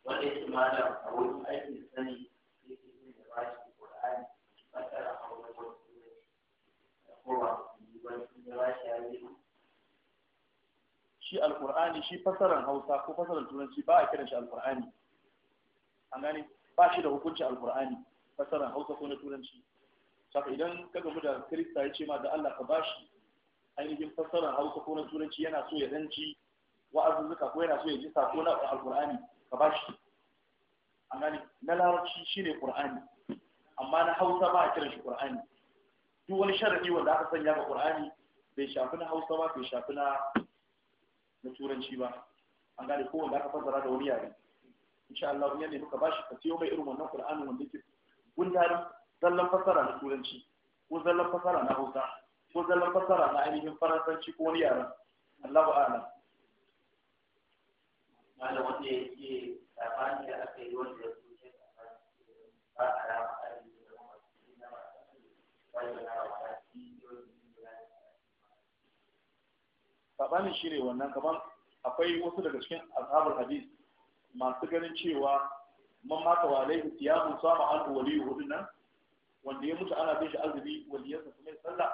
wani malam a wurin aikin sani shi alkur'ani shi fasaran hausa ko fasaran turanci ba a kiran shi alkur'ani an gane ba shi da hukunci alkur'ani fasaran hausa ko na turanci saka idan ka gamu da kirista ya ce ma da Allah ka bashi ainihin fasaran hausa ko na turanci yana so ya danci wa'azuzzuka ko yana so ya ji sako na alkur'ani ka bashi an gane na larabci shine qur'ani amma na hausa ba a kiran shi qur'ani duk wani sharadi wanda aka sanya ga qur'ani bai shafi na hausa ba bai shafi na na turanci ba an gane ko wanda aka fassara da wani yare insha Allah ya ne muka bashi ka siyo mai irin wannan Al-Qur'ani wanda yake Gundari zallan fassara na turanci ko zallan fassara na hausa ko zallan fassara na ainihin faransanci ko wani yaren Allahu a'lam malam wanda yake tsabani da aka yi wanda ya ba a rama a yi da wani sabanin shine wannan kamar akwai wasu daga cikin ashabul hadis masu ganin cewa man mata wa alaihi siyamu sama an wali hudun nan wanda ya mutu ana bin shi azumi waliyarsa su mai sallah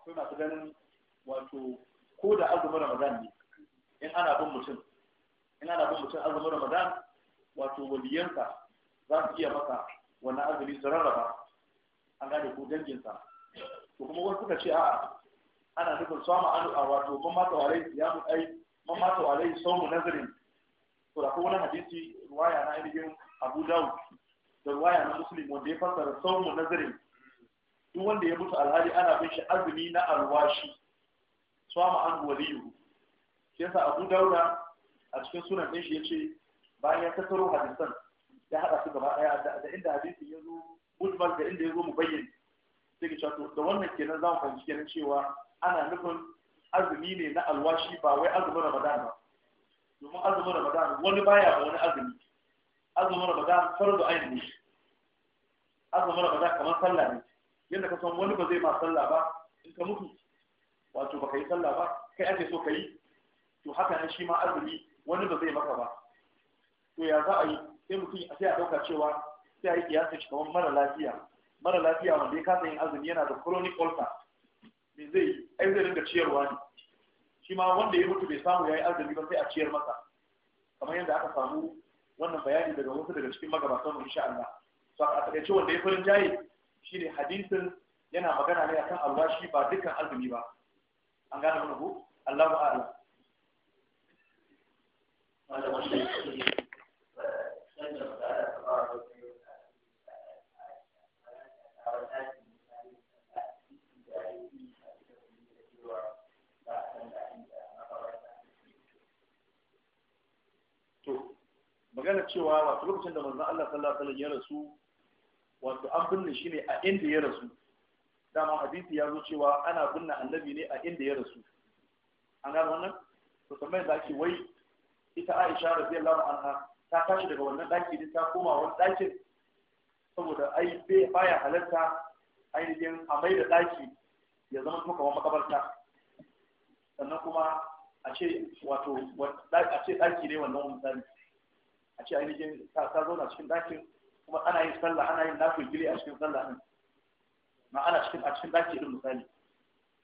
akwai masu ganin wato ko da azumin ramadan ne in ana bin mutum in ana bin mutum azumin ramadan wato waliyansa za su iya maka wannan azumi su rarraba an gane ko danginsa to kuma wasu suka ce a'a ana nufin sama anu a wato man mata alai siyamu ai man mata alai saumu nazarin to da kowane hadisi ruwaya na ainihin Abu dawo da ruwaya na Muslim wanda ya fassara mu nazarin duk wanda ya mutu alhali ana bin shi azumi na alwashi sama an waliyu shi yasa Abu Dawuda a cikin sunan din shi yace bayan ya tattaro hadisan ya hada su gaba daya da inda hadisi ya zo mujmal da inda ya zo bayyana sai ki to da wannan kenan za mu fahimci kenan cewa ana nufin azumi ne na alwashi ba wai azumin ramadan ba domin azumin ramadan wani baya ba wani azumi azumin ramadan farzu ayin ne azumin ramadan kamar sallah ne yadda ka san wani ba zai ma sallah ba in ka mutu wato baka yi sallah ba kai ake so ka yi to haka ne shi ma azumi wani ba zai maka ba to ya za a yi sai mutum sai a dauka cewa sai a yi kiyasa shi kamar mara lafiya mara lafiya wanda ya kasa yin azumi yana da chronic ulcer me zai yi ai zai dinga ciyarwa ne shi ma wanda ya mutu bai samu yayi azumi ba sai a ciyar masa kamar yadda aka samu wannan bayani daga wasu daga cikin magabatan insha Allah so a takaice wanda ya fara jaye shine hadisin yana magana ne akan albashi ba dukkan azumi ba an gane mana ko Allahu a'lam magana cewa wato lokacin da manzon Allah sallallahu alaihi wasallam ya rasu wato an binne shi ne a inda ya rasu dama hadisi ya zo cewa ana binne annabi ne a inda ya rasu an gano wannan to kamar da ake wai ita Aisha radiyallahu anha ta tashi daga wannan daki din ta koma wani dakin saboda ai bai baya halarta ainihin a mai da daki ya zama kuma kamar makabarta sannan kuma a ce wato a ce daki ne wannan misali a ce ainihin ta zauna cikin ɗakin kuma ana yin sallah ana yin nafil gili a cikin sallah din ma ana cikin a cikin daki din misali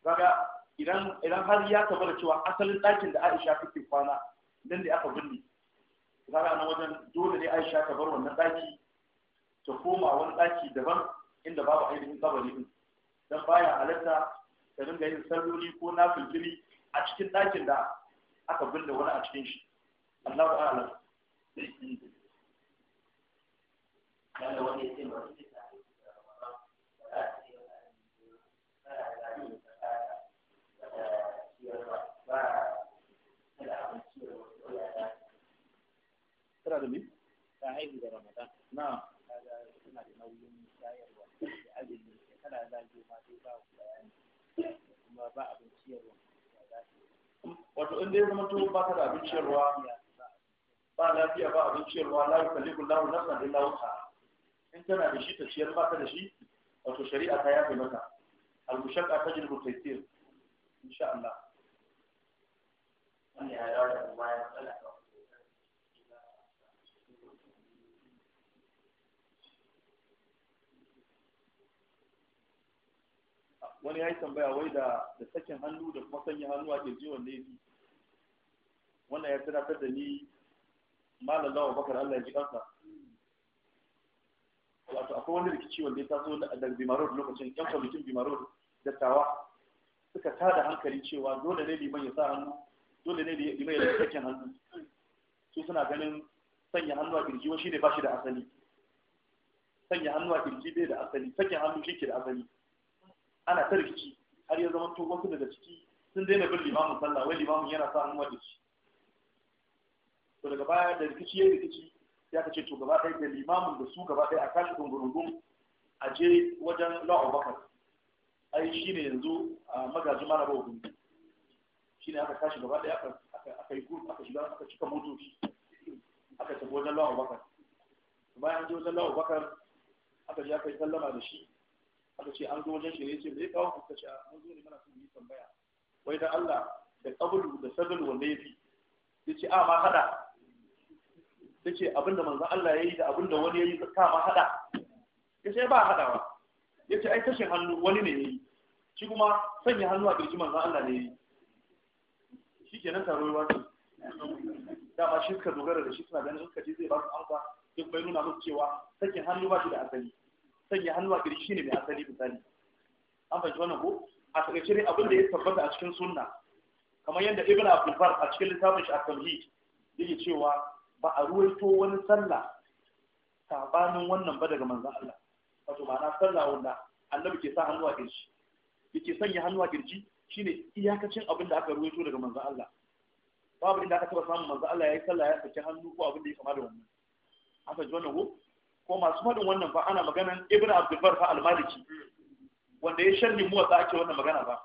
kaga idan idan har ya da cewa asalin dakin da Aisha take kwana nan da aka binne kaga nan wajen dole ne Aisha ta bar wannan daki ta koma wani daki daban inda babu ainihin kabari din dan baya halatta ta dinga yin salloli ko nafil gili a cikin dakin da aka binne wani a cikin shi Allahu a'lam Wanda ba ta da ramadan da nauyin ba wato in dai zama to ba da abin ciyarwa ba lafiya ba abin ciyarwa la yukallifu nafsan illa da shi ta ciyar ba ta shi wato wani ya yi tambaya wai da da sakin hannu da kuma sanya hannu a kirji wanda ya fi wannan ya tunatar da ni malam lawa bakar Allah ya ji kansa wato akwai wani rikici wanda ya taso da bimarod lokacin yan kwamitin bimarod dattawa suka tada hankali cewa dole ne liman ya sa hannu dole ne liman ya rikakken hannu su suna ganin sanya hannu a kirji wani shine ba shi da asali sanya hannu a kirji bai da asali sanya hannu shi ke da asali ana ta rikici har ya zama to wasu daga ciki sun daina bin limamin sallah wai limamin yana sa hannu a kirji to daga baya da rikici ya rikici ya ka ce to gaba ɗaya da limamin da su gaba ɗaya a kashi gungurungun a je wajen lawa bakar ai shi ne yanzu a magaji mara ba shi ne aka kashi gaba ɗaya aka yi kuru aka shiga aka cika motoci aka tafi wajen lawa bakar bayan je wajen lawa bakar aka je aka yi sallama da shi aka ce an zo wajen shi ne ce zai kawo kuka ce mun zo ne mana su yi tambaya wai da Allah da kabulu da sabulu wanda ya fi ya ce a ma hada ta ce abinda manzo Allah ya yi da abinda wani ya yi kama haɗa ya ce ba haɗawa ya ce ai tashin hannu wani ne ya yi shi kuma sanya hannu a ƙirji manzo Allah ne ya yi shi ke nan taro ya ce dama shi suka dogara da shi suna ganin suka ji zai ba su amsa duk bai nuna musu cewa sanya hannu ba shi da asali sanya hannu a ƙirji ne mai asali misali an fahimci wannan ko a takaice dai abin da ya tabbata a cikin sunna kamar yadda ibn abdul bar a cikin littafin shi a tamhid yake cewa ba a ruwaito wani sallah sabanin wannan ba daga manzon Allah wato na sallah wanda annabi ke sa hannu a kirji yake sanya hannu a kirji shine iyakacin abin da aka ruwaito daga manzon Allah babu inda aka taba samun manzon Allah yayi sallah ya saki hannu ko abin da ya kama da wannan an ji wannan ko ko masu faɗin wannan ba ana maganan Ibn Abdul ba fa al-Maliki wanda ya za a ake wannan magana ba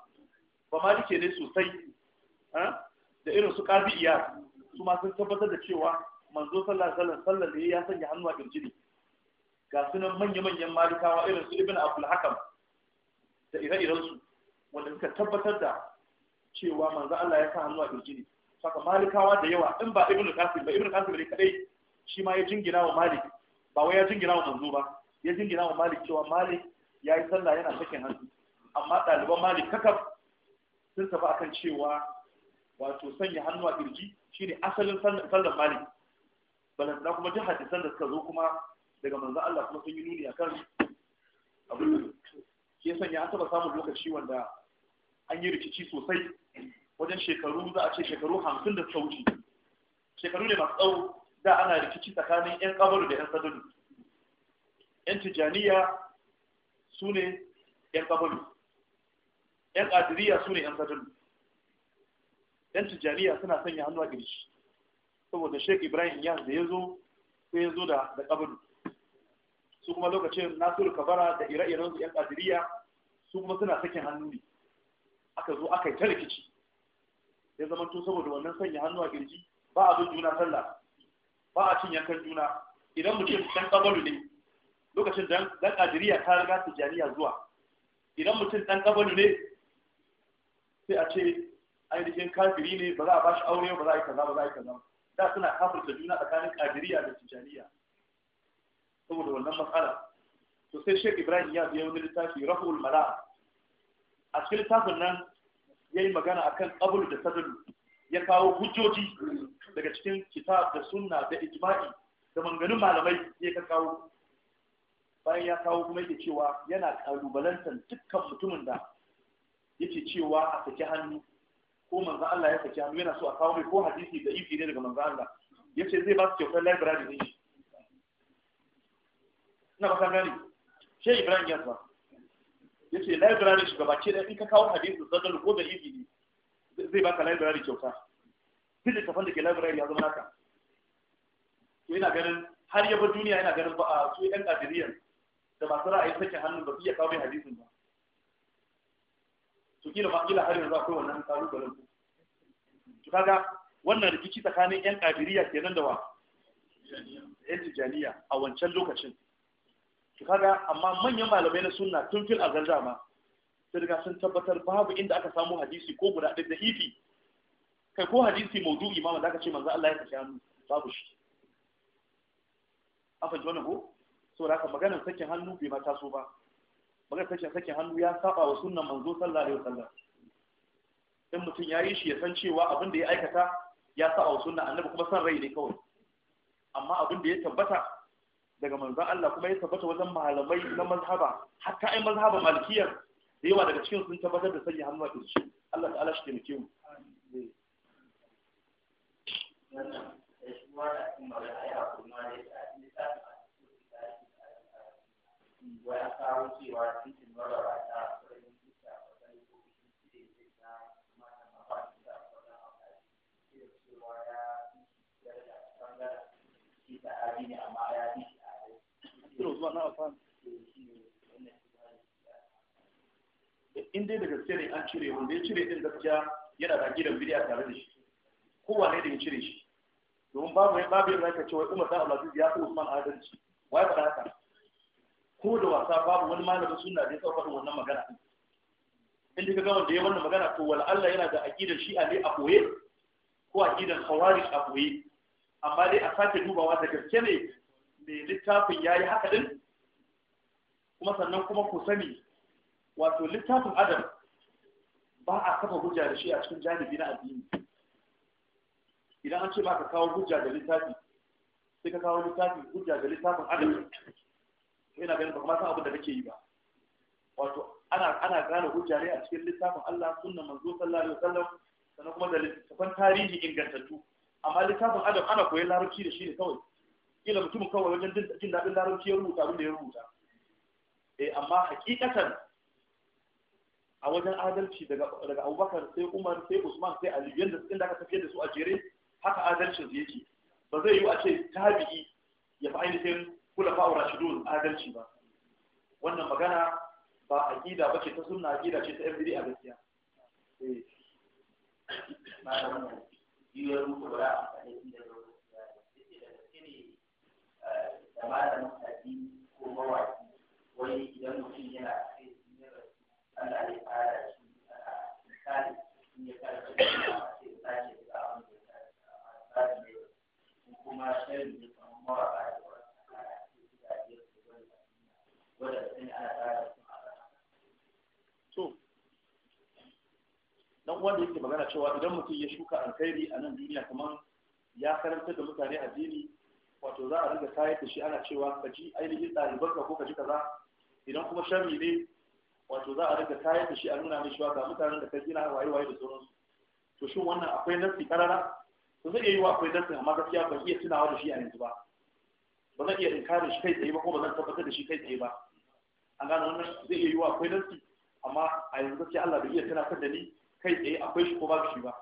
ba malike ne sosai eh? da irin su qabi'iyya su ma sun tabbatar da cewa manzo sallallahu alaihi wasallam sallar da ya sanya hannu a kirji ne ga sunan manya-manyan malikawa irin su ibn abul hakam da ire-iren su wanda suka tabbatar da cewa manzo Allah ya sa hannu a kirji ne saka malikawa da yawa in ba ibn qasim ba ibn qasim ne kadai shi ma ya jingina wa malik ba wai ya jingina wa manzo ba ya jingina wa malik cewa malik ya yi sallah yana sakin hannu amma ɗaliban malik kakaf sun tafi akan cewa wato sanya hannu a kirji shine asalin sallar malik balantana kuma jihar hadisan da suka zo kuma daga manzan Allah kuma sun yi nuni akan abin ya sanya an taba samun lokaci wanda an yi rikici sosai wajen shekaru za a ce shekaru hamsin da suka wuce shekaru ne masu tsawo da ana rikici tsakanin 'yan kabaru da 'yan sadadu 'yan tijaniya su ne 'yan kabaru 'yan kadiriya su ne 'yan sadadu 'yan tijaniya suna sanya hannu a girki saboda shek Ibrahim Yas da ya zo sai ya zo da da kabiru su kuma lokacin Nasiru Kabara da ire-iren su yan kadiriya su kuma suna sakin hannu ne aka zo aka yi ta rikici ya zama to saboda wannan sanya hannu a kirji ba a bin juna sallah ba a cin yankan juna idan mutum dan kabaru ne lokacin dan dan ta riga Tijaniya zuwa idan mutum dan kabaru ne sai a ce ainihin kafiri ne ba za a bashi aure ba za a yi kaza ba za a yi kaza ba da suna kafarta juna tsakanin kadiriya da tijaniya saboda wannan matsala to sai shek ibrahim ya biya wani littafi rahul mala a cikin littafin nan ya yi magana a kan ƙabulu da sadadu ya kawo hujjoji daga cikin kitab da sunna da ijma'i da manganin malamai ya ka kawo bayan ya kawo kuma yake cewa yana kalubalantar dukkan mutumin da yake cewa a saki hannu ko manzo Allah ya saki hannu yana so a kawo mai ko hadisi da ifi ne daga manzo Allah yace zai ba su kyautar library din shi ina ba gani she Ibrahim ya sa yace library shi gabace da in ka kawo hadisi da ko da ifi ne zai baka library kyauta duk ka fanda da ke library ya zama naka to ina ganin har yaba duniya yana ganin ba a su yan kadiriyar da masu ra'ayi sakin hannu ba su iya kawo mai hadisin ba to kila ma kila har yanzu akwai wannan kalubalen kaga wannan rikici tsakanin yan ke kenan da wa yan tijaniya a wancan lokacin ki kaga amma manyan malamai na sunna tun fil azal ma sai daga sun tabbatar babu inda aka samu hadisi ko guda ɗaya da hifi kai ko hadisi maudu'i ma wanda aka ce manzo Allah ya kashe hannu babu shi afa jona ko so da haka maganar sakin hannu bai ma taso ba maganar sakin sakin hannu ya saba wa sunnan manzo sallallahu alaihi wasallam in mutum ya yi shi ya san cewa abin da ya aikata ya sa a na annabi kuma san rai ne kawai amma abin da ya tabbata daga manzan Allah kuma ya tabbata wajen malamai na mazhaba hatta ai mazhaba malkiyar da yawa daga cikin sun tabbatar da sanya hannu a kirji Allah ta'ala shi taimake mu wa a kawo cewa cikin mararata in dai da gaske ne an cire wanda ya cire din gaskiya yana da gidan bidiya tare da shi kowane da ya cire shi domin babu yin babu yin zaka ce wai Umar da Abdulaziz ya fi Usman adalci wai ba haka ko da wasa babu wani malamin sunna da ya tsawo faɗin wannan magana in ka ga wanda ya wannan magana to wal Allah yana da aqidar shi'a ne a koye ko aqidar khawarij a koye amma dai a sake dubawa da gaske ne mai littafin ya yi haka din kuma sannan kuma ku sani wato littafin adam ba a kafa hujja da shi a cikin janibi na addini idan an ce ba ka kawo hujja da littafi sai ka kawo littafi hujja da littafin adam yana ganin ba kuma san abin da kake yi ba wato ana ana gane hujja ne a cikin littafin Allah sunnan manzo sallallahu alaihi wasallam sannan kuma da littafan tarihi ingantattu amma littafin adam ana koyon larabci da shi ne kawai kila mutumin kawai wajen jin daɗin larabci ya rubuta abin da ya rubuta eh amma hakikatan a wajen adalci daga Abubakar sai Umar sai Usman sai Ali yadda sun da aka tafiye da su a jere haka adalcin su yake ba zai yiwu a ce tabi'i ya fi ainihin kula fa'u rashidun adalci ba wannan magana ba a ba ce ta sunna gida ce ta 'yan biri a gaskiya eh yiwuwar mutu ba za a amfani shi da lokaci ba yake da gaske ne da ba da mutane ko mawaki wai idan mutum yana kai sun yi rasu Allah ya fara shi a misali sun ya fara shi a ce da sake da abin da ya fara da ne kuma shirin ne kamar mawaka da wasu a ce da ya fara da wanda sun ana fara da dan wanda yake magana cewa idan mutum ya shuka alkhairi a nan duniya kamar ya karanta da mutane addini wato za a riga tayar da shi ana cewa ka ji ainihin ɗalibanka ko ka ji kaza idan kuma shan ne wato za a riga tayar da shi a nuna mai cewa ga mutanen da ka gina waye waye da sauransu to shin wannan akwai nassi karara to zai iya yi wa akwai nassi amma gaskiya ban iya tunawa da shi a yanzu ba ba zan iya inkarin shi kai tsaye ba ko ba zan tabbatar da shi kai tsaye ba an gano wannan zai iya yi wa akwai nassi amma a yanzu gaskiya Allah bai iya tunatar da ni kai tsaye akwai shi ko babu shi ba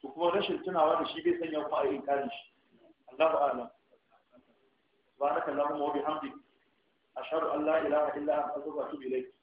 to kuma rashin tunawa da shi bai sanya kuma a yi inkarin shi Allahu a'lam subhanaka allahumma wa bihamdik ashhadu an la ilaha illa anta astaghfiruka wa atubu ilayk